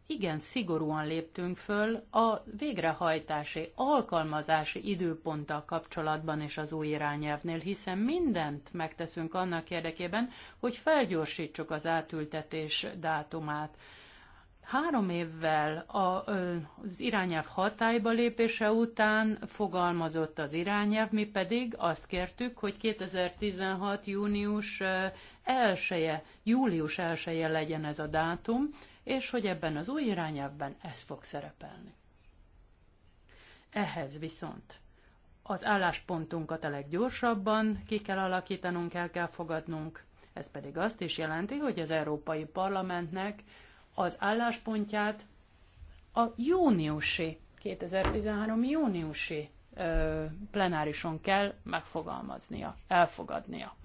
igen szigorúan léptünk föl a végrehajtási, alkalmazási időponttal kapcsolatban és az új irányelvnél, hiszen mindent megteszünk annak érdekében, hogy felgyorsítsuk az átültetés dátumát. Három évvel a, az irányelv hatályba lépése után fogalmazott az irányelv, mi pedig azt kértük, hogy 2016. június 1 -e, július 1 -e legyen ez a dátum, és hogy ebben az új irányelvben ez fog szerepelni. Ehhez viszont az álláspontunkat a leggyorsabban ki kell alakítanunk, el kell fogadnunk. Ez pedig azt is jelenti, hogy az Európai Parlamentnek az álláspontját a júniusi, 2013 júniusi ö, plenárison kell megfogalmaznia, elfogadnia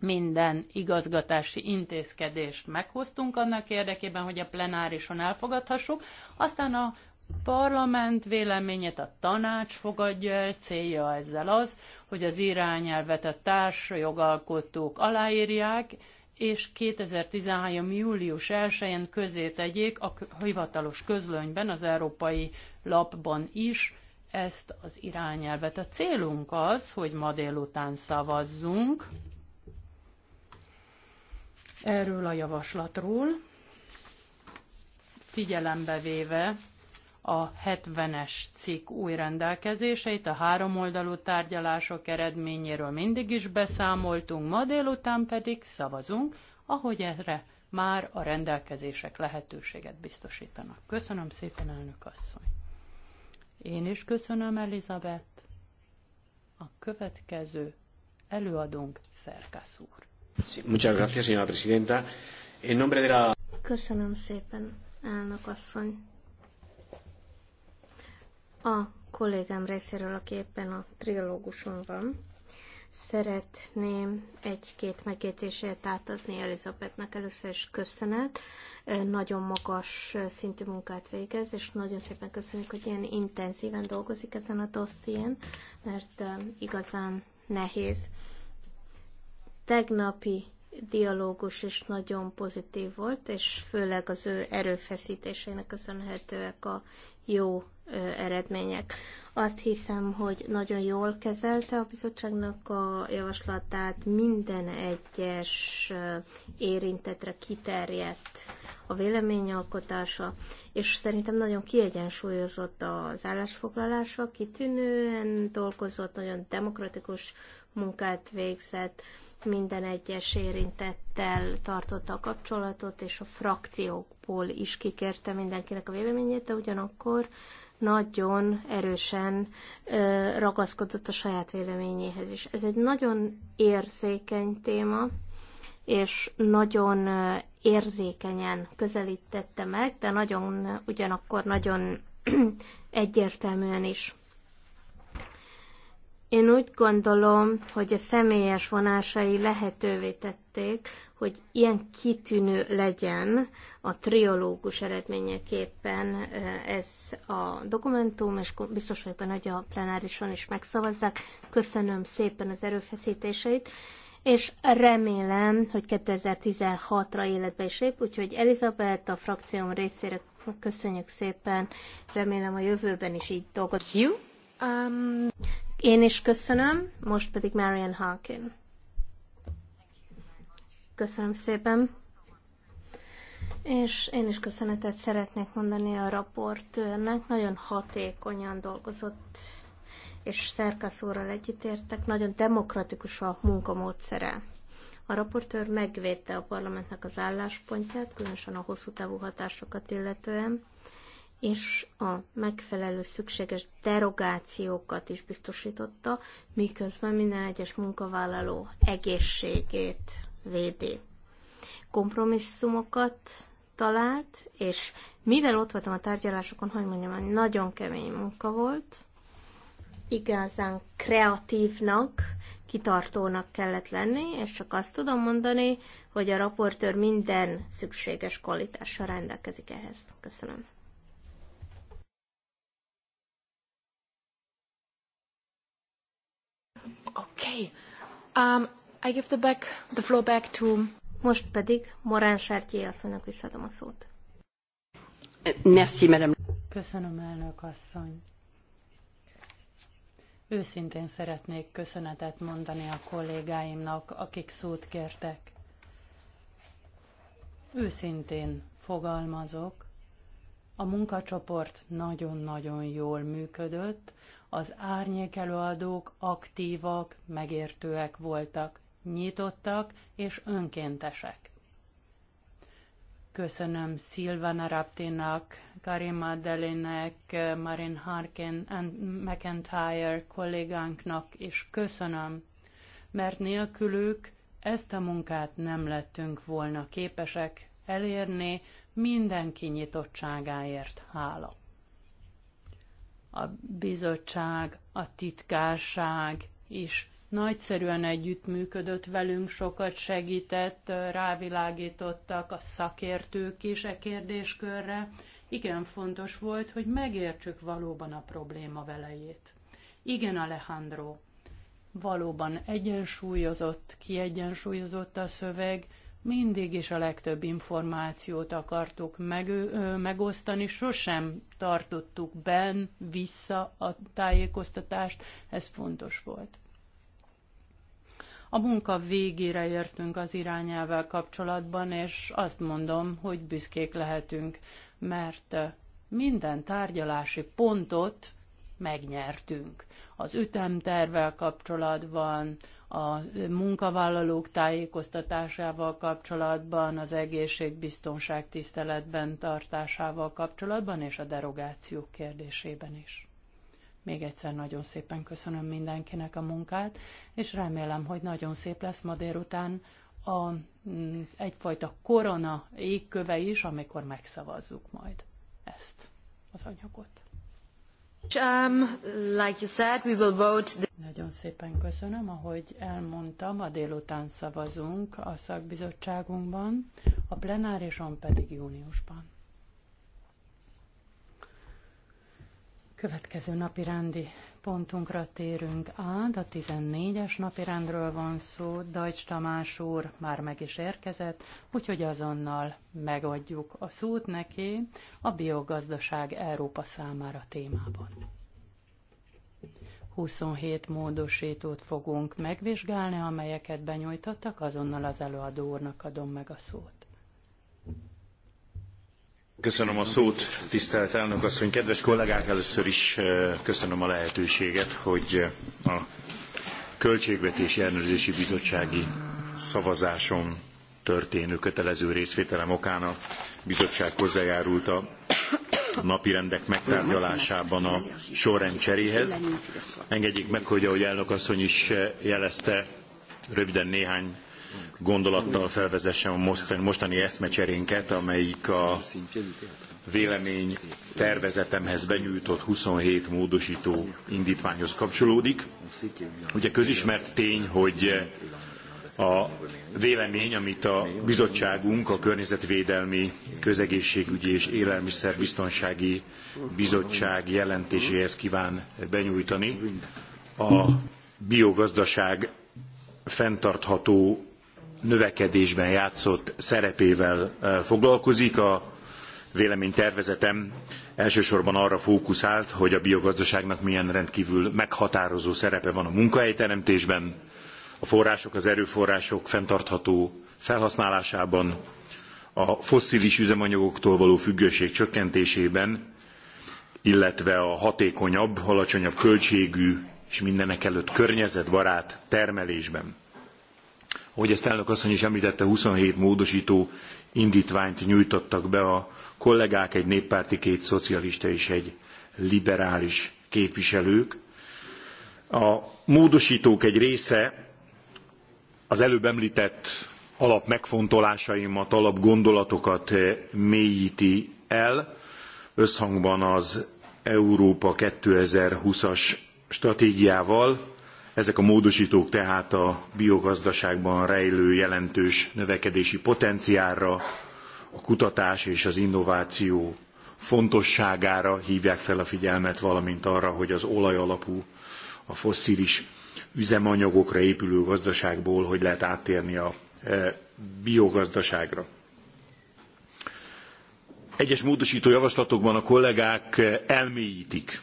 minden igazgatási intézkedést meghoztunk annak érdekében, hogy a plenárison elfogadhassuk, aztán a parlament véleményét a tanács fogadja el, célja ezzel az, hogy az irányelvet a társ jogalkotók aláírják, és 2013. július 1-én közé tegyék a hivatalos közlönyben, az európai lapban is ezt az irányelvet. A célunk az, hogy ma délután szavazzunk, erről a javaslatról, figyelembe véve a 70-es cikk új rendelkezéseit, a oldalú tárgyalások eredményéről mindig is beszámoltunk, ma délután pedig szavazunk, ahogy erre már a rendelkezések lehetőséget biztosítanak. Köszönöm szépen, elnök asszony! Én is köszönöm, Elizabeth. A következő előadónk Szerkasz úr. Muchas gracias, señora presidenta. En nombre de la... Köszönöm szépen, elnök asszony. A kollégám részéről, aki éppen a trilóguson van, szeretném egy-két megjegyzését átadni Elizabethnek Először is köszönet, nagyon magas szintű munkát végez, és nagyon szépen köszönjük, hogy ilyen intenzíven dolgozik ezen a dosszién, mert igazán nehéz tegnapi dialógus is nagyon pozitív volt, és főleg az ő erőfeszítéseinek köszönhetőek a jó eredmények. Azt hiszem, hogy nagyon jól kezelte a bizottságnak a javaslatát, minden egyes érintetre kiterjedt a véleményalkotása, és szerintem nagyon kiegyensúlyozott az állásfoglalása, kitűnően dolgozott, nagyon demokratikus munkát végzett, minden egyes érintettel tartotta a kapcsolatot, és a frakciókból is kikérte mindenkinek a véleményét, de ugyanakkor nagyon erősen ragaszkodott a saját véleményéhez is. Ez egy nagyon érzékeny téma, és nagyon érzékenyen közelítette meg, de nagyon ugyanakkor nagyon egyértelműen is. Én úgy gondolom, hogy a személyes vonásai lehetővé tették, hogy ilyen kitűnő legyen a triológus eredményeképpen eh, ez a dokumentum, és biztos vagyok benne, hogy a plenárison is megszavazzák. Köszönöm szépen az erőfeszítéseit, és remélem, hogy 2016-ra életbe is lép, úgyhogy Elizabeth a frakcióm részére köszönjük szépen, remélem a jövőben is így dolgozik. Um... Én is köszönöm, most pedig Marian Harkin. Köszönöm szépen. És én is köszönetet szeretnék mondani a raportőrnek. Nagyon hatékonyan dolgozott, és Szerkasz úrral együttértek. Nagyon demokratikus a munkamódszere. A raportőr megvédte a parlamentnek az álláspontját, különösen a hosszú távú hatásokat illetően, és a megfelelő szükséges derogációkat is biztosította, miközben minden egyes munkavállaló egészségét védi. Kompromisszumokat talált, és mivel ott voltam a tárgyalásokon, hogy mondjam, hogy nagyon kemény munka volt, igazán kreatívnak, kitartónak kellett lenni, és csak azt tudom mondani, hogy a raportőr minden szükséges kvalitással rendelkezik ehhez. Köszönöm. Okay. Um, I give the, back, the floor back to... Most pedig Morán Sertjé asszonynak visszadom a szót. Merci, madame. Köszönöm, elnök asszony. Őszintén szeretnék köszönetet mondani a kollégáimnak, akik szót kértek. Őszintén fogalmazok, a munkacsoport nagyon-nagyon jól működött, az árnyékelőadók aktívak, megértőek voltak, nyitottak és önkéntesek. Köszönöm Szilvana Raptinak, Karim Adelinek, Marin Harkin, McIntyre kollégánknak, és köszönöm, mert nélkülük ezt a munkát nem lettünk volna képesek elérni, mindenki nyitottságáért hála. A bizottság, a titkárság is nagyszerűen együttműködött velünk, sokat segített, rávilágítottak a szakértők is e kérdéskörre. Igen fontos volt, hogy megértsük valóban a probléma velejét. Igen, Alejandro, valóban egyensúlyozott, kiegyensúlyozott a szöveg, mindig is a legtöbb információt akartuk meg, ö, megosztani, sosem tartottuk ben vissza a tájékoztatást, ez fontos volt. A munka végére értünk az irányával kapcsolatban, és azt mondom, hogy büszkék lehetünk, mert minden tárgyalási pontot megnyertünk. Az ütemtervel kapcsolatban, a munkavállalók tájékoztatásával kapcsolatban, az egészségbiztonság tiszteletben tartásával kapcsolatban és a derogációk kérdésében is. Még egyszer nagyon szépen köszönöm mindenkinek a munkát, és remélem, hogy nagyon szép lesz ma délután a, mm, egyfajta korona égköve is, amikor megszavazzuk majd ezt az anyagot. Um, Nagyon szépen köszönöm, ahogy elmondtam, a délután szavazunk a szakbizottságunkban, a plenárison pedig júniusban. Következő napi rendi pontunkra térünk át, a 14-es napi rendről van szó, Dajcs Tamás úr már meg is érkezett, úgyhogy azonnal megadjuk a szót neki a biogazdaság Európa számára témában. 27 módosítót fogunk megvizsgálni, amelyeket benyújtottak, azonnal az előadó úrnak adom meg a szót. Köszönöm a szót, tisztelt elnök asszony, kedves kollégák, először is eh, köszönöm a lehetőséget, hogy eh, a Költségvetési Ellenőrzési Bizottsági szavazáson történő kötelező részvételem okán a bizottság hozzájárult a napirendek megtárgyalásában a sorrend cseréhez. Engedjék meg, hogy ahogy elnök asszony is eh, jelezte, röviden néhány gondolattal felvezessem a mostani, eszmecserénket, amelyik a vélemény tervezetemhez benyújtott 27 módosító indítványhoz kapcsolódik. Ugye közismert tény, hogy a vélemény, amit a bizottságunk, a Környezetvédelmi, Közegészségügyi és Élelmiszerbiztonsági Bizottság jelentéséhez kíván benyújtani, a biogazdaság fenntartható növekedésben játszott szerepével eh, foglalkozik. A véleménytervezetem elsősorban arra fókuszált, hogy a biogazdaságnak milyen rendkívül meghatározó szerepe van a munkahelyteremtésben, a források, az erőforrások fenntartható felhasználásában, a fosszilis üzemanyagoktól való függőség csökkentésében, illetve a hatékonyabb, alacsonyabb költségű és mindenekelőtt környezetbarát termelésben. Ahogy ezt elnök asszony is említette, 27 módosító indítványt nyújtottak be a kollégák, egy néppárti, két szocialista és egy liberális képviselők. A módosítók egy része az előbb említett alap megfontolásaimat, alap gondolatokat mélyíti el, összhangban az Európa 2020-as stratégiával, ezek a módosítók tehát a biogazdaságban rejlő jelentős növekedési potenciálra, a kutatás és az innováció fontosságára hívják fel a figyelmet, valamint arra, hogy az olajalapú, a fosszilis üzemanyagokra épülő gazdaságból hogy lehet áttérni a e, biogazdaságra. Egyes módosító javaslatokban a kollégák elmélyítik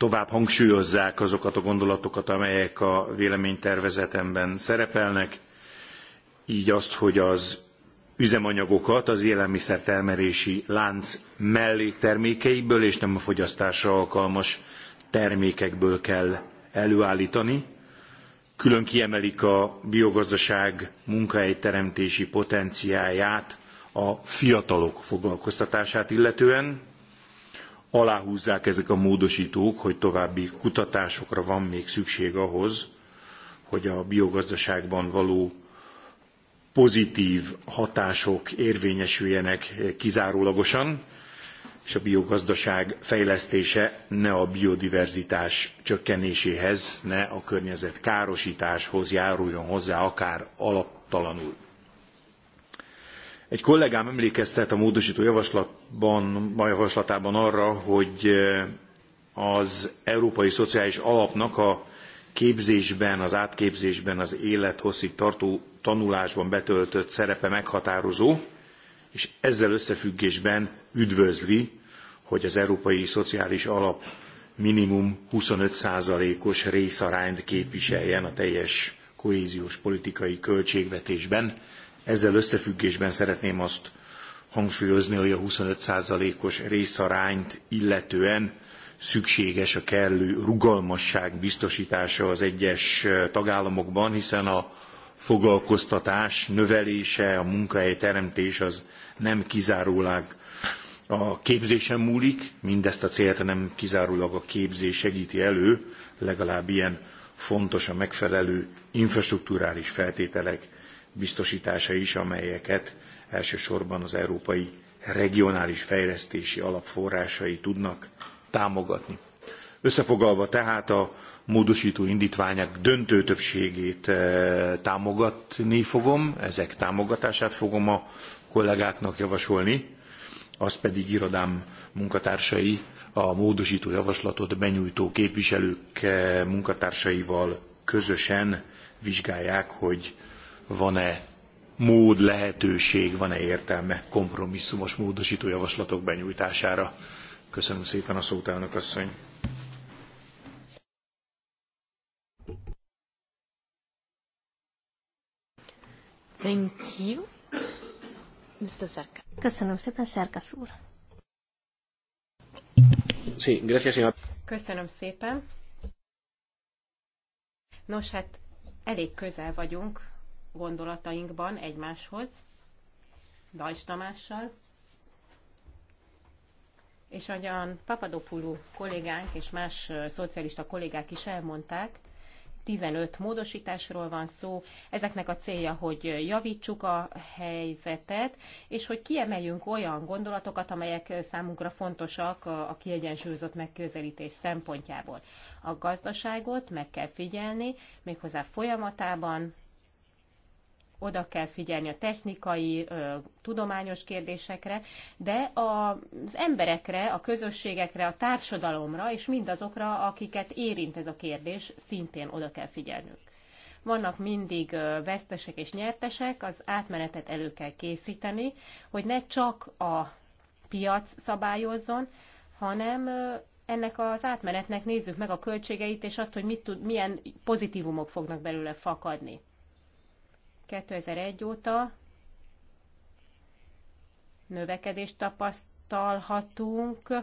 tovább hangsúlyozzák azokat a gondolatokat, amelyek a véleménytervezetemben szerepelnek, így azt, hogy az üzemanyagokat az élelmiszertermelési lánc melléktermékeiből és nem a fogyasztásra alkalmas termékekből kell előállítani. Külön kiemelik a biogazdaság munkahelyteremtési potenciáját a fiatalok foglalkoztatását illetően, aláhúzzák ezek a módosítók, hogy további kutatásokra van még szükség ahhoz, hogy a biogazdaságban való pozitív hatások érvényesüljenek kizárólagosan, és a biogazdaság fejlesztése ne a biodiverzitás csökkenéséhez, ne a környezet károsításhoz járuljon hozzá, akár alaptalanul. Egy kollégám emlékeztet a módosító javaslatban, a javaslatában arra, hogy eh, az Európai Szociális Alapnak a képzésben, az átképzésben, az élethosszig tartó tanulásban betöltött szerepe meghatározó, és ezzel összefüggésben üdvözli, hogy az Európai Szociális Alap minimum 25%-os részarányt képviseljen a teljes kohéziós politikai költségvetésben. Ezzel összefüggésben szeretném azt hangsúlyozni, hogy a 25%-os részarányt illetően szükséges a kellő rugalmasság biztosítása az egyes tagállamokban, hiszen a foglalkoztatás növelése, a munkahelyteremtés az nem kizárólag a képzésen múlik, mindezt a célt nem kizárólag a képzés segíti elő, legalább ilyen fontos a megfelelő infrastrukturális feltételek biztosítása is, amelyeket elsősorban az európai regionális fejlesztési alapforrásai tudnak támogatni. Összefoglalva tehát a módosító indítványok döntő többségét eh, támogatni fogom, ezek támogatását fogom a kollégáknak javasolni, azt pedig irodám munkatársai a módosító javaslatot benyújtó képviselők eh, munkatársaival közösen vizsgálják, hogy van-e mód, lehetőség, van-e értelme kompromisszumos módosító javaslatok benyújtására. Köszönöm szépen a szót, elnök asszony. Thank you. Mr. Zerka. Köszönöm szépen, Szerkasz úr. Sí, gracias, Köszönöm szépen. Nos, hát elég közel vagyunk gondolatainkban egymáshoz, Dajs Tamással, és ahogyan Papadopulú kollégánk és más szocialista kollégák is elmondták, 15 módosításról van szó. Ezeknek a célja, hogy javítsuk a helyzetet, és hogy kiemeljünk olyan gondolatokat, amelyek számunkra fontosak a kiegyensúlyozott megközelítés szempontjából. A gazdaságot meg kell figyelni, méghozzá folyamatában, oda kell figyelni a technikai, tudományos kérdésekre, de az emberekre, a közösségekre, a társadalomra és mindazokra, akiket érint ez a kérdés, szintén oda kell figyelnünk. Vannak mindig vesztesek és nyertesek, az átmenetet elő kell készíteni, hogy ne csak a piac szabályozzon, hanem ennek az átmenetnek nézzük meg a költségeit, és azt, hogy mit tud, milyen pozitívumok fognak belőle fakadni. 2001 óta növekedést tapasztalhatunk,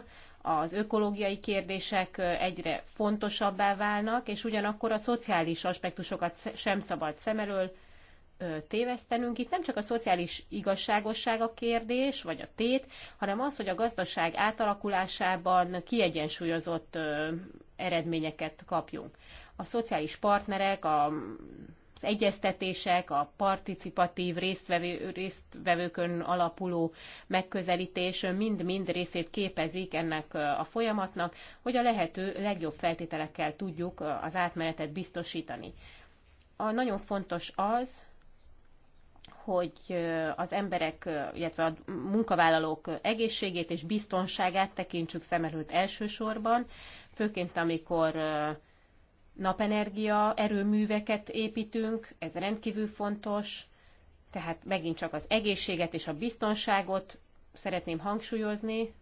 az ökológiai kérdések egyre fontosabbá válnak, és ugyanakkor a szociális aspektusokat sem szabad szem elől tévesztenünk. Itt nem csak a szociális igazságosság a kérdés, vagy a tét, hanem az, hogy a gazdaság átalakulásában kiegyensúlyozott eredményeket kapjunk. A szociális partnerek, a az egyeztetések, a participatív résztvevő, résztvevőkön alapuló megközelítés mind-mind részét képezik ennek a folyamatnak, hogy a lehető legjobb feltételekkel tudjuk az átmenetet biztosítani. A nagyon fontos az, hogy az emberek, illetve a munkavállalók egészségét és biztonságát tekintsük szem előtt elsősorban, főként amikor napenergia erőműveket építünk, ez rendkívül fontos, tehát megint csak az egészséget és a biztonságot szeretném hangsúlyozni.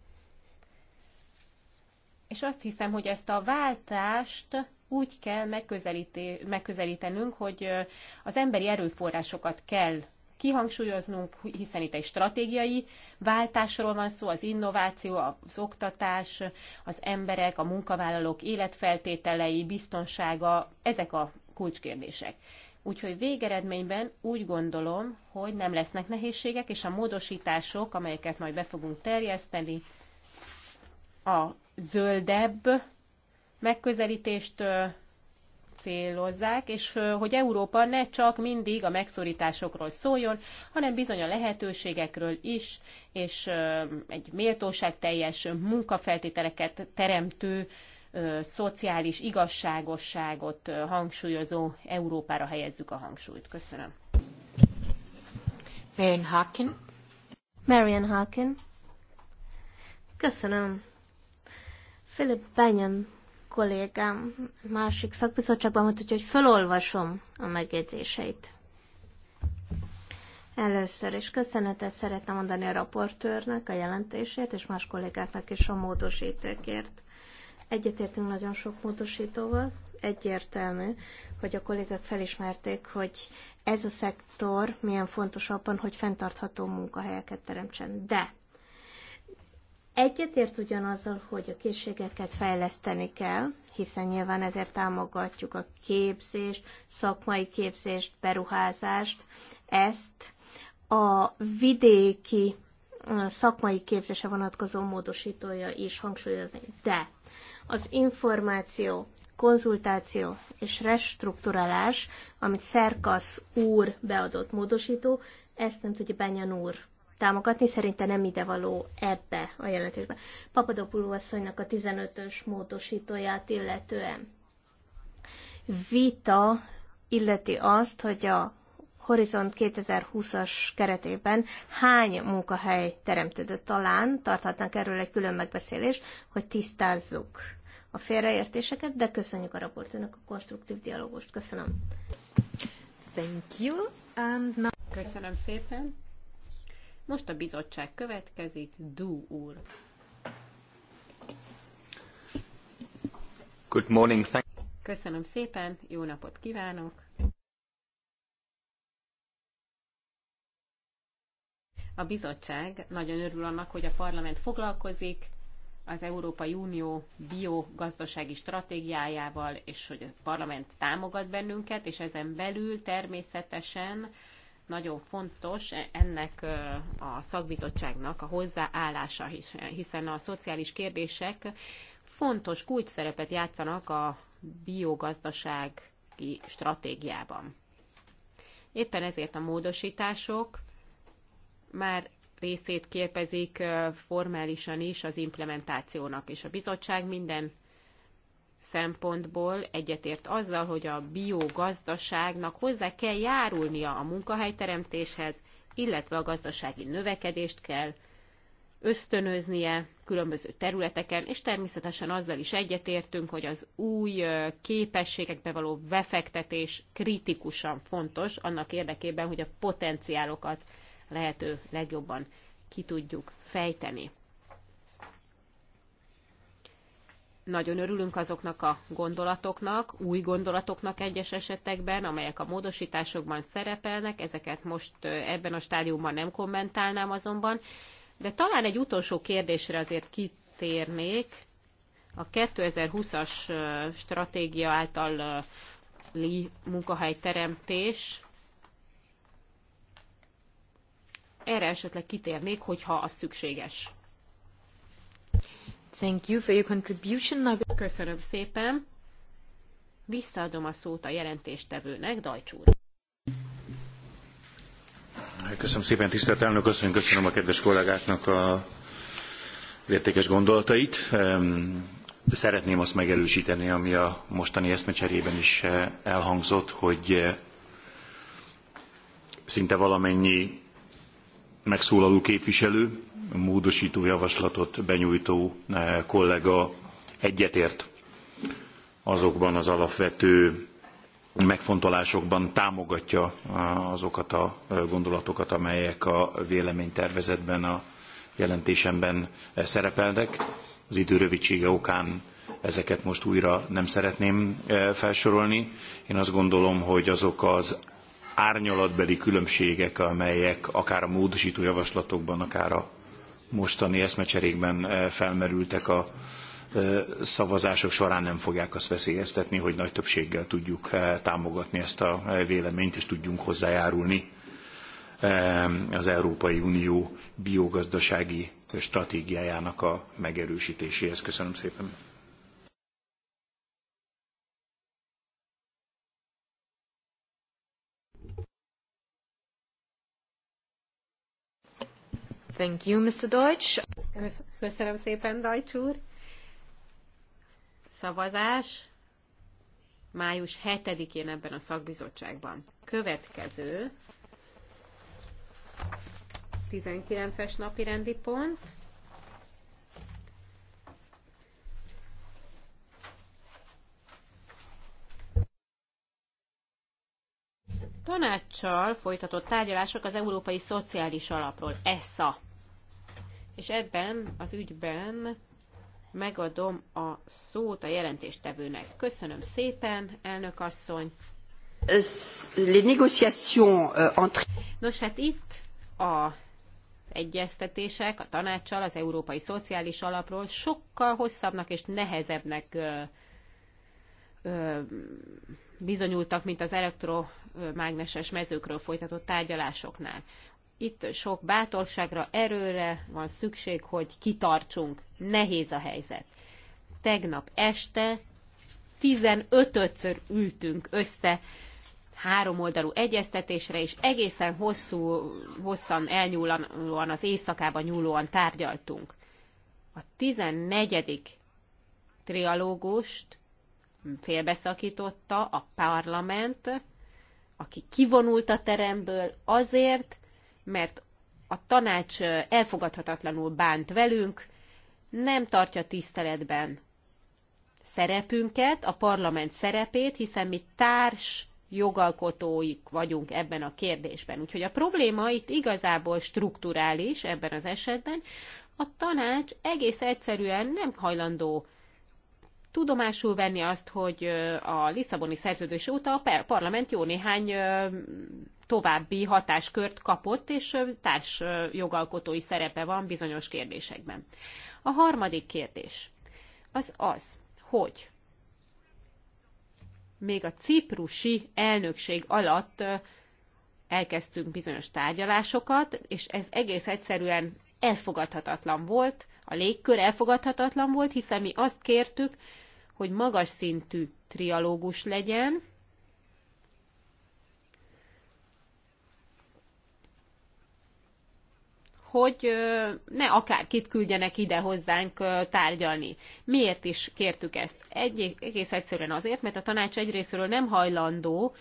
És azt hiszem, hogy ezt a váltást úgy kell megközelítenünk, hogy az emberi erőforrásokat kell kihangsúlyoznunk, hiszen itt egy stratégiai váltásról van szó, az innováció, az oktatás, az emberek, a munkavállalók életfeltételei, biztonsága, ezek a kulcskérdések. Úgyhogy végeredményben úgy gondolom, hogy nem lesznek nehézségek, és a módosítások, amelyeket majd be fogunk terjeszteni, a zöldebb megközelítést célozzák, és hogy Európa ne csak mindig a megszorításokról szóljon, hanem bizony a lehetőségekről is, és egy méltóságteljes munkafeltételeket teremtő, szociális igazságosságot hangsúlyozó Európára helyezzük a hangsúlyt. Köszönöm. Marian Harkin. Marian Harkin. Köszönöm. Philip Benyon kollégám másik szakbizottságban mondta, hogy felolvasom a megjegyzéseit. Először is köszönetet szeretném mondani a raportőrnek a jelentésért, és más kollégáknak is a módosítőkért. Egyetértünk nagyon sok módosítóval, egyértelmű, hogy a kollégák felismerték, hogy ez a szektor milyen fontos abban, hogy fenntartható munkahelyeket teremtsen. De Egyetért ugyanazzal, hogy a készségeket fejleszteni kell, hiszen nyilván ezért támogatjuk a képzést, szakmai képzést, beruházást, ezt a vidéki szakmai képzése vonatkozó módosítója is hangsúlyozni. De az információ, konzultáció és restrukturálás, amit Szerkasz úr beadott módosító, ezt nem tudja Benyan úr támogatni, szerinte nem idevaló ebbe a jelentésbe. Papadopoulou asszonynak a 15-ös módosítóját illetően vita illeti azt, hogy a Horizont 2020-as keretében hány munkahely teremtődött talán, tarthatnánk erről egy külön megbeszélést, hogy tisztázzuk a félreértéseket, de köszönjük a raportőnök a konstruktív dialógust. Köszönöm. Thank you. And now... Köszönöm szépen. Most a bizottság következik, Du úr. Good morning. Köszönöm szépen, jó napot kívánok! A bizottság nagyon örül annak, hogy a parlament foglalkozik az Európai Unió biogazdasági stratégiájával, és hogy a parlament támogat bennünket, és ezen belül természetesen nagyon fontos ennek a szakbizottságnak a hozzáállása, hiszen a szociális kérdések fontos kulcs szerepet játszanak a biogazdasági stratégiában. Éppen ezért a módosítások már részét képezik formálisan is az implementációnak, és a bizottság minden szempontból egyetért azzal, hogy a biogazdaságnak hozzá kell járulnia a munkahelyteremtéshez, illetve a gazdasági növekedést kell ösztönöznie különböző területeken, és természetesen azzal is egyetértünk, hogy az új képességekbe való befektetés kritikusan fontos annak érdekében, hogy a potenciálokat lehető legjobban ki tudjuk fejteni. nagyon örülünk azoknak a gondolatoknak, új gondolatoknak egyes esetekben, amelyek a módosításokban szerepelnek, ezeket most ebben a stádiumban nem kommentálnám azonban, de talán egy utolsó kérdésre azért kitérnék. A 2020-as stratégia által munkahelyteremtés erre esetleg kitérnék, hogyha az szükséges. Thank you for your contribution. Köszönöm szépen. Visszaadom a szót a jelentéstevőnek, Dajcs Köszönöm szépen, tisztelt elnök asszony, köszönöm a kedves kollégáknak a értékes gondolatait. Szeretném azt megerősíteni, ami a mostani eszmecserében is eh, elhangzott, hogy eh, szinte valamennyi megszólaló képviselő módosító javaslatot benyújtó eh, kollega egyetért azokban az alapvető megfontolásokban támogatja eh, azokat a eh, gondolatokat, amelyek a véleménytervezetben, a jelentésemben szerepelnek. Az idő rövidsége okán ezeket most újra nem szeretném felsorolni. Én azt gondolom, hogy azok az árnyalatbeli különbségek, amelyek akár a módosító javaslatokban, akár a mostani eszmecserékben eh, felmerültek a eh, szavazások során nem fogják azt veszélyeztetni, hogy nagy többséggel tudjuk eh, támogatni ezt a véleményt, és tudjunk hozzájárulni az Európai Unió biogazdasági stratégiájának a megerősítéséhez. Köszönöm szépen. Thank you, Mr. Deutsch. Köszönöm szépen, Deutsch úr. Szavazás május 7-én ebben a szakbizottságban. Következő 19-es napi rendi pont. Tanácssal folytatott tárgyalások az Európai Szociális Alapról, ESSA és ebben az ügyben megadom a szót a jelentéstevőnek. Köszönöm szépen, elnök asszony. Euh, Nos, hát itt a egyeztetések a tanácssal, az Európai Szociális Alapról sokkal hosszabbnak és nehezebbnek ö, ö, bizonyultak, mint az elektromágneses mezőkről folytatott tárgyalásoknál itt sok bátorságra, erőre van szükség, hogy kitartsunk. Nehéz a helyzet. Tegnap este 15-ször ültünk össze háromoldalú egyeztetésre, és egészen hosszú, hosszan elnyúlóan az éjszakában nyúlóan tárgyaltunk. A 14. trialógust félbeszakította a parlament, aki kivonult a teremből azért, mert a tanács elfogadhatatlanul bánt velünk, nem tartja tiszteletben szerepünket, a parlament szerepét, hiszen mi társ jogalkotóik vagyunk ebben a kérdésben. Úgyhogy a probléma itt igazából strukturális ebben az esetben. A tanács egész egyszerűen nem hajlandó tudomásul venni azt, hogy a Lisszaboni szerződés óta a parlament jó néhány további hatáskört kapott, és társ jogalkotói szerepe van bizonyos kérdésekben. A harmadik kérdés az az, hogy még a ciprusi elnökség alatt elkezdtünk bizonyos tárgyalásokat, és ez egész egyszerűen elfogadhatatlan volt, a légkör elfogadhatatlan volt, hiszen mi azt kértük, hogy magas szintű trialógus legyen, hogy ne akárkit küldjenek ide hozzánk tárgyalni. Miért is kértük ezt? Egy, egész egyszerűen azért, mert a tanács egyrésztről nem hajlandó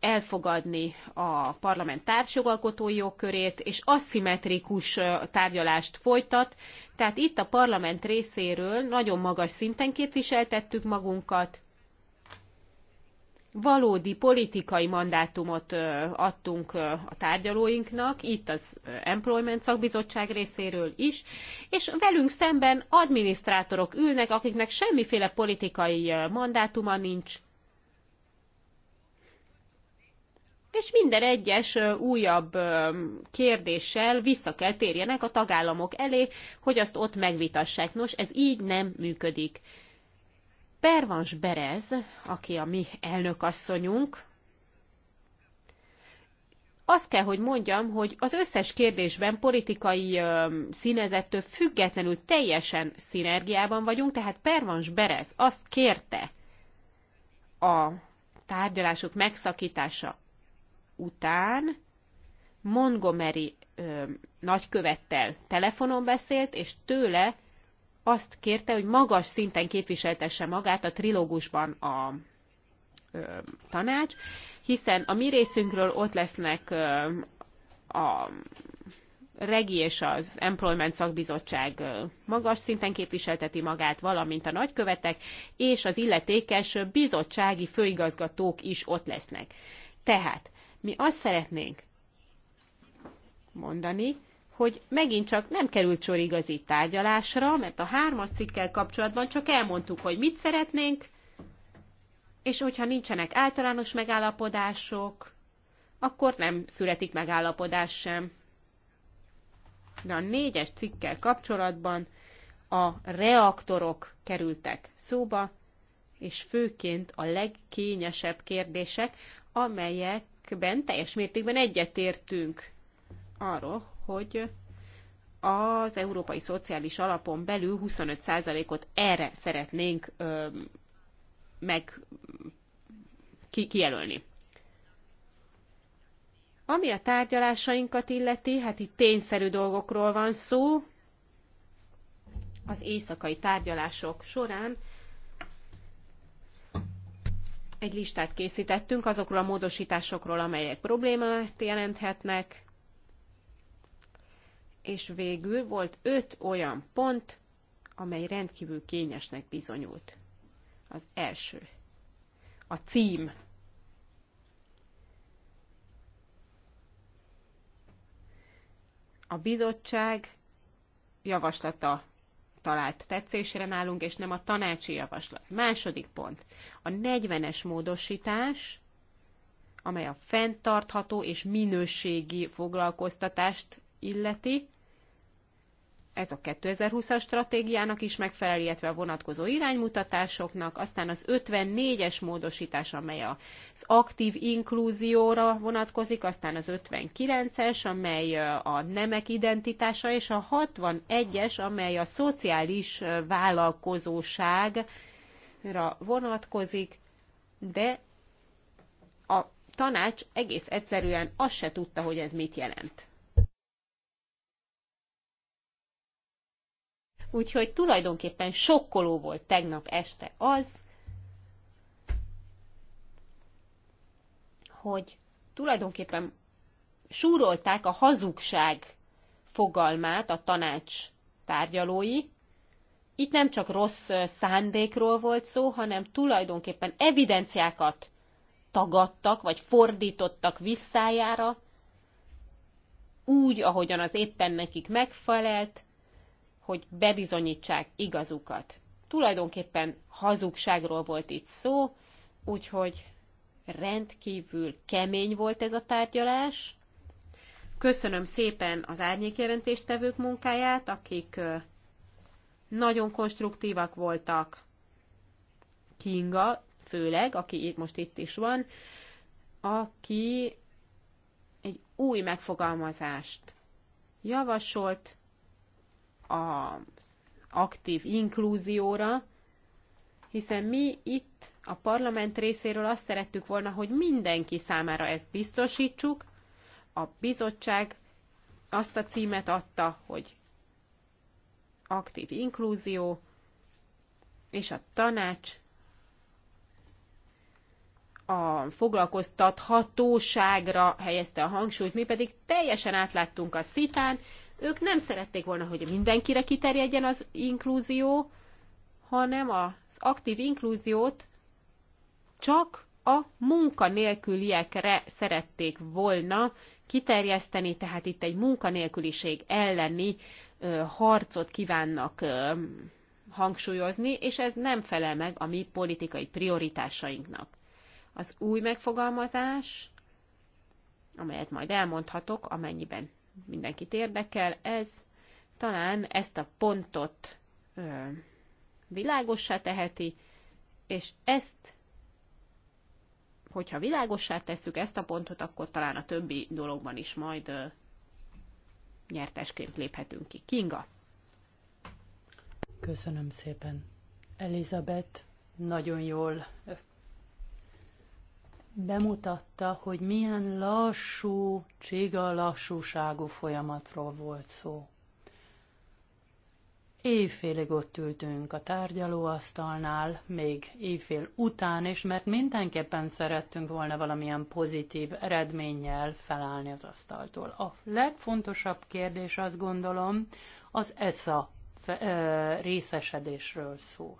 elfogadni a parlament társjogalkotói jogkörét, és aszimmetrikus tárgyalást folytat. Tehát itt a parlament részéről nagyon magas szinten képviseltettük magunkat, valódi politikai mandátumot adtunk a tárgyalóinknak, itt az Employment Szakbizottság részéről is, és velünk szemben adminisztrátorok ülnek, akiknek semmiféle politikai mandátuma nincs. És minden egyes újabb kérdéssel vissza kell térjenek a tagállamok elé, hogy azt ott megvitassák. Nos, ez így nem működik. Pervans Berez, aki a mi elnökasszonyunk, azt kell, hogy mondjam, hogy az összes kérdésben politikai ö, színezettől függetlenül teljesen szinergiában vagyunk, tehát Pervans Berez azt kérte a tárgyalások megszakítása után, Montgomery ö, nagykövettel telefonon beszélt, és tőle azt kérte, hogy magas szinten képviseltesse magát a trilógusban a ö, tanács, hiszen a mi részünkről ott lesznek ö, a Regi és az Employment Szakbizottság ö, magas szinten képviselteti magát, valamint a nagykövetek, és az illetékes bizottsági főigazgatók is ott lesznek. Tehát mi azt szeretnénk mondani, hogy megint csak nem került sor igazi tárgyalásra, mert a hármas cikkel kapcsolatban csak elmondtuk, hogy mit szeretnénk, és hogyha nincsenek általános megállapodások, akkor nem születik megállapodás sem. De a négyes cikkel kapcsolatban a reaktorok kerültek szóba, és főként a legkényesebb kérdések, amelyekben teljes mértékben egyetértünk arról, hogy az Európai Szociális Alapon belül 25%-ot erre szeretnénk ö, meg ki, kijelölni. Ami a tárgyalásainkat illeti, hát itt tényszerű dolgokról van szó. Az éjszakai tárgyalások során egy listát készítettünk azokról a módosításokról, amelyek problémát jelenthetnek, és végül volt öt olyan pont, amely rendkívül kényesnek bizonyult. Az első, a cím. A bizottság javaslata talált tetszésre nálunk, és nem a tanácsi javaslat. Második pont, a 40-es módosítás, amely a fenntartható és minőségi foglalkoztatást illeti, ez a 2020-as stratégiának is megfelel, illetve a vonatkozó iránymutatásoknak, aztán az 54-es módosítás, amely az aktív inklúzióra vonatkozik, aztán az 59-es, amely a nemek identitása, és a 61-es, amely a szociális vállalkozóságra vonatkozik, de a tanács egész egyszerűen azt se tudta, hogy ez mit jelent. Úgyhogy tulajdonképpen sokkoló volt tegnap este az, hogy tulajdonképpen súrolták a hazugság fogalmát a tanács tárgyalói. Itt nem csak rossz szándékról volt szó, hanem tulajdonképpen evidenciákat tagadtak, vagy fordítottak visszájára, úgy, ahogyan az éppen nekik megfelelt, hogy bebizonyítsák igazukat. Tulajdonképpen hazugságról volt itt szó, úgyhogy rendkívül kemény volt ez a tárgyalás. Köszönöm szépen az árnyékjelentéstevők munkáját, akik nagyon konstruktívak voltak. Kinga, főleg, aki most itt is van, aki egy új megfogalmazást javasolt, az aktív inklúzióra, hiszen mi itt a parlament részéről azt szerettük volna, hogy mindenki számára ezt biztosítsuk. A bizottság azt a címet adta, hogy aktív inklúzió, és a tanács a foglalkoztathatóságra helyezte a hangsúlyt, mi pedig teljesen átláttunk a szitán, ők nem szerették volna, hogy mindenkire kiterjedjen az inkluzió, hanem az aktív inkluziót csak a munkanélküliekre szerették volna kiterjeszteni, tehát itt egy munkanélküliség elleni ö, harcot kívánnak ö, hangsúlyozni, és ez nem felel meg a mi politikai prioritásainknak. Az új megfogalmazás, amelyet majd elmondhatok, amennyiben mindenkit érdekel. Ez talán ezt a pontot ö, világossá teheti, és ezt, hogyha világossá tesszük ezt a pontot, akkor talán a többi dologban is majd ö, nyertesként léphetünk ki. Kinga! Köszönöm szépen. Elizabeth nagyon jól bemutatta, hogy milyen lassú, csiga lassúságú folyamatról volt szó. Éjfélig ott ültünk a tárgyalóasztalnál, még éjfél után is, mert mindenképpen szerettünk volna valamilyen pozitív eredménnyel felállni az asztaltól. A legfontosabb kérdés azt gondolom az ESA részesedésről szól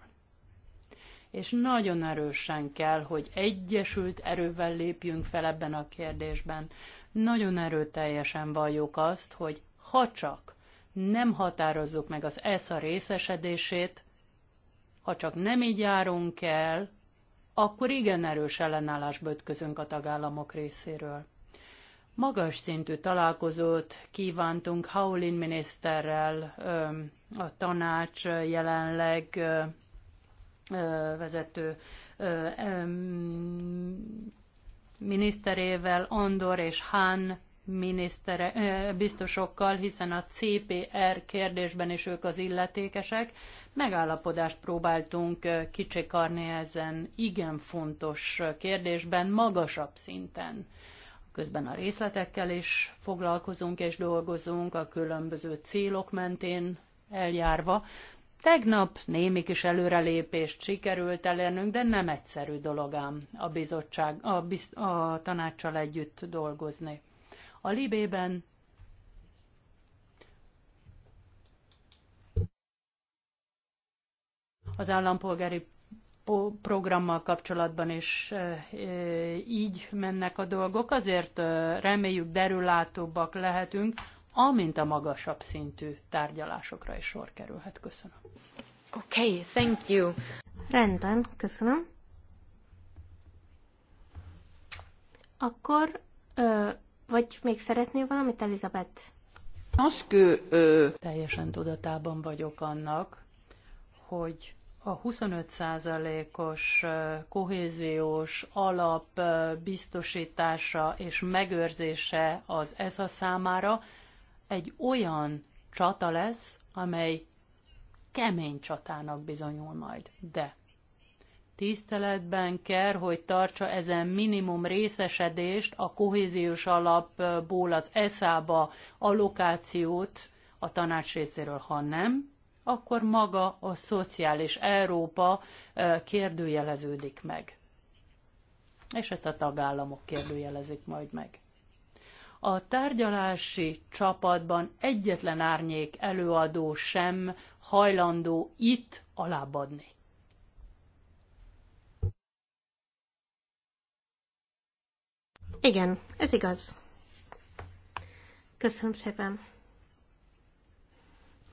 és nagyon erősen kell, hogy egyesült erővel lépjünk fel ebben a kérdésben. Nagyon erőteljesen valljuk azt, hogy ha csak nem határozzuk meg az ESZA részesedését, ha csak nem így járunk el, akkor igen erős ellenállásba ötközünk a tagállamok részéről. Magas szintű találkozót kívántunk Haulin miniszterrel, a tanács jelenleg vezető miniszterével, Andor és Hán minisztere, biztosokkal, hiszen a CPR kérdésben is ők az illetékesek. Megállapodást próbáltunk kicsikarni ezen igen fontos kérdésben, magasabb szinten. Közben a részletekkel is foglalkozunk és dolgozunk a különböző célok mentén eljárva, Tegnap némi kis előrelépést sikerült elérnünk, de nem egyszerű dolog ám a, bizottság, a, biz, a tanácssal együtt dolgozni. A Libében az állampolgári programmal kapcsolatban is így mennek a dolgok. Azért reméljük derülátóbbak lehetünk, amint a magasabb szintű tárgyalásokra is sor kerülhet. Köszönöm. Oké, okay, thank you. Rendben, köszönöm. Akkor, ö, vagy még szeretnél valamit, Elizabeth? Az kö, ö... Teljesen tudatában vagyok annak, hogy a 25%-os kohéziós alap biztosítása és megőrzése az ESA számára egy olyan csata lesz, amely kemény csatának bizonyul majd. De tiszteletben kell, hogy tartsa ezen minimum részesedést, a kohéziós alapból az eszába allokációt a tanács részéről, ha nem, akkor maga a szociális Európa kérdőjeleződik meg. És ezt a tagállamok kérdőjelezik majd meg. A tárgyalási csapatban egyetlen árnyék előadó sem hajlandó itt alábadni. Igen, ez igaz. Köszönöm szépen.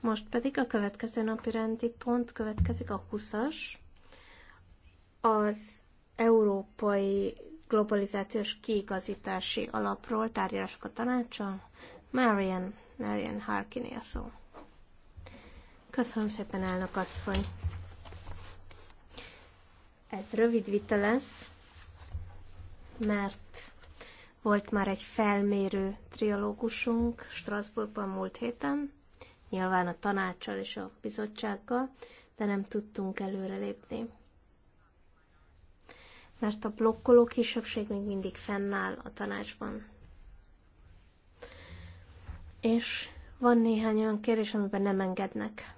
Most pedig a következő napi rendi pont következik a 20-as. Az Európai globalizációs kiigazítási alapról tárgyalások a tanácssal. Marian, Marian Harkiné a szó. Köszönöm szépen, elnök asszony. Ez rövid vita lesz, mert volt már egy felmérő triológusunk Strasbourgban múlt héten, nyilván a tanácssal és a bizottsággal, de nem tudtunk előrelépni mert a blokkoló kisebbség még mindig fennáll a tanácsban. És van néhány olyan kérdés, amiben nem engednek.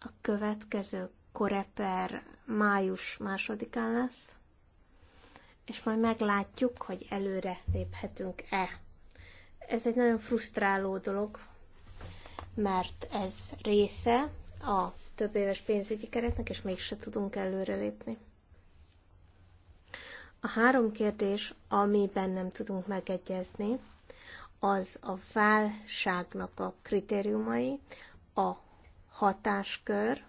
A következő koreper május másodikán lesz, és majd meglátjuk, hogy előre léphetünk-e. Ez egy nagyon frusztráló dolog, mert ez része a több éves pénzügyi keretnek, és mégse tudunk előrelépni. A három kérdés, amiben nem tudunk megegyezni, az a válságnak a kritériumai, a hatáskör,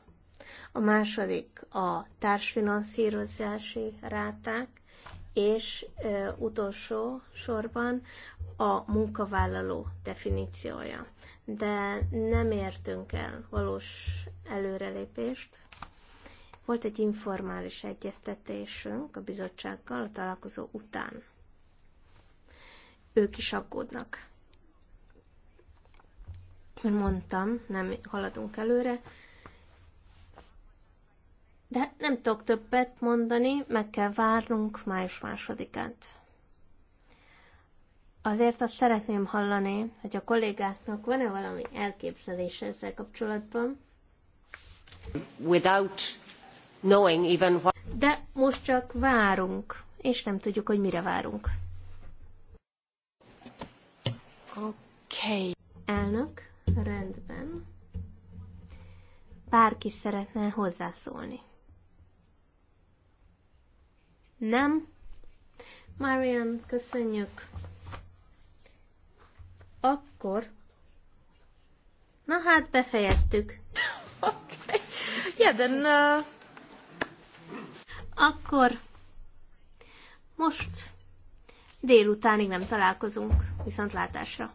a második a társfinanszírozási ráták, és ö, utolsó sorban a munkavállaló definíciója. De nem értünk el valós előrelépést, volt egy informális egyeztetésünk a bizottsággal a találkozó után. Ők is aggódnak. mert Mondtam, nem haladunk előre, de nem tudok többet mondani, meg kell várnunk május másodikát. Azért azt szeretném hallani, hogy a kollégáknak van-e valami elképzelése ezzel kapcsolatban? Without knowing even what... De most csak várunk, és nem tudjuk, hogy mire várunk. Oké. Okay. Elnök, rendben. Bárki szeretne hozzászólni. Nem? Marian, köszönjük. Akkor... Na hát, befejeztük. Oké. Okay. Yeah, then... Uh... Akkor most délutánig nem találkozunk, viszont látásra.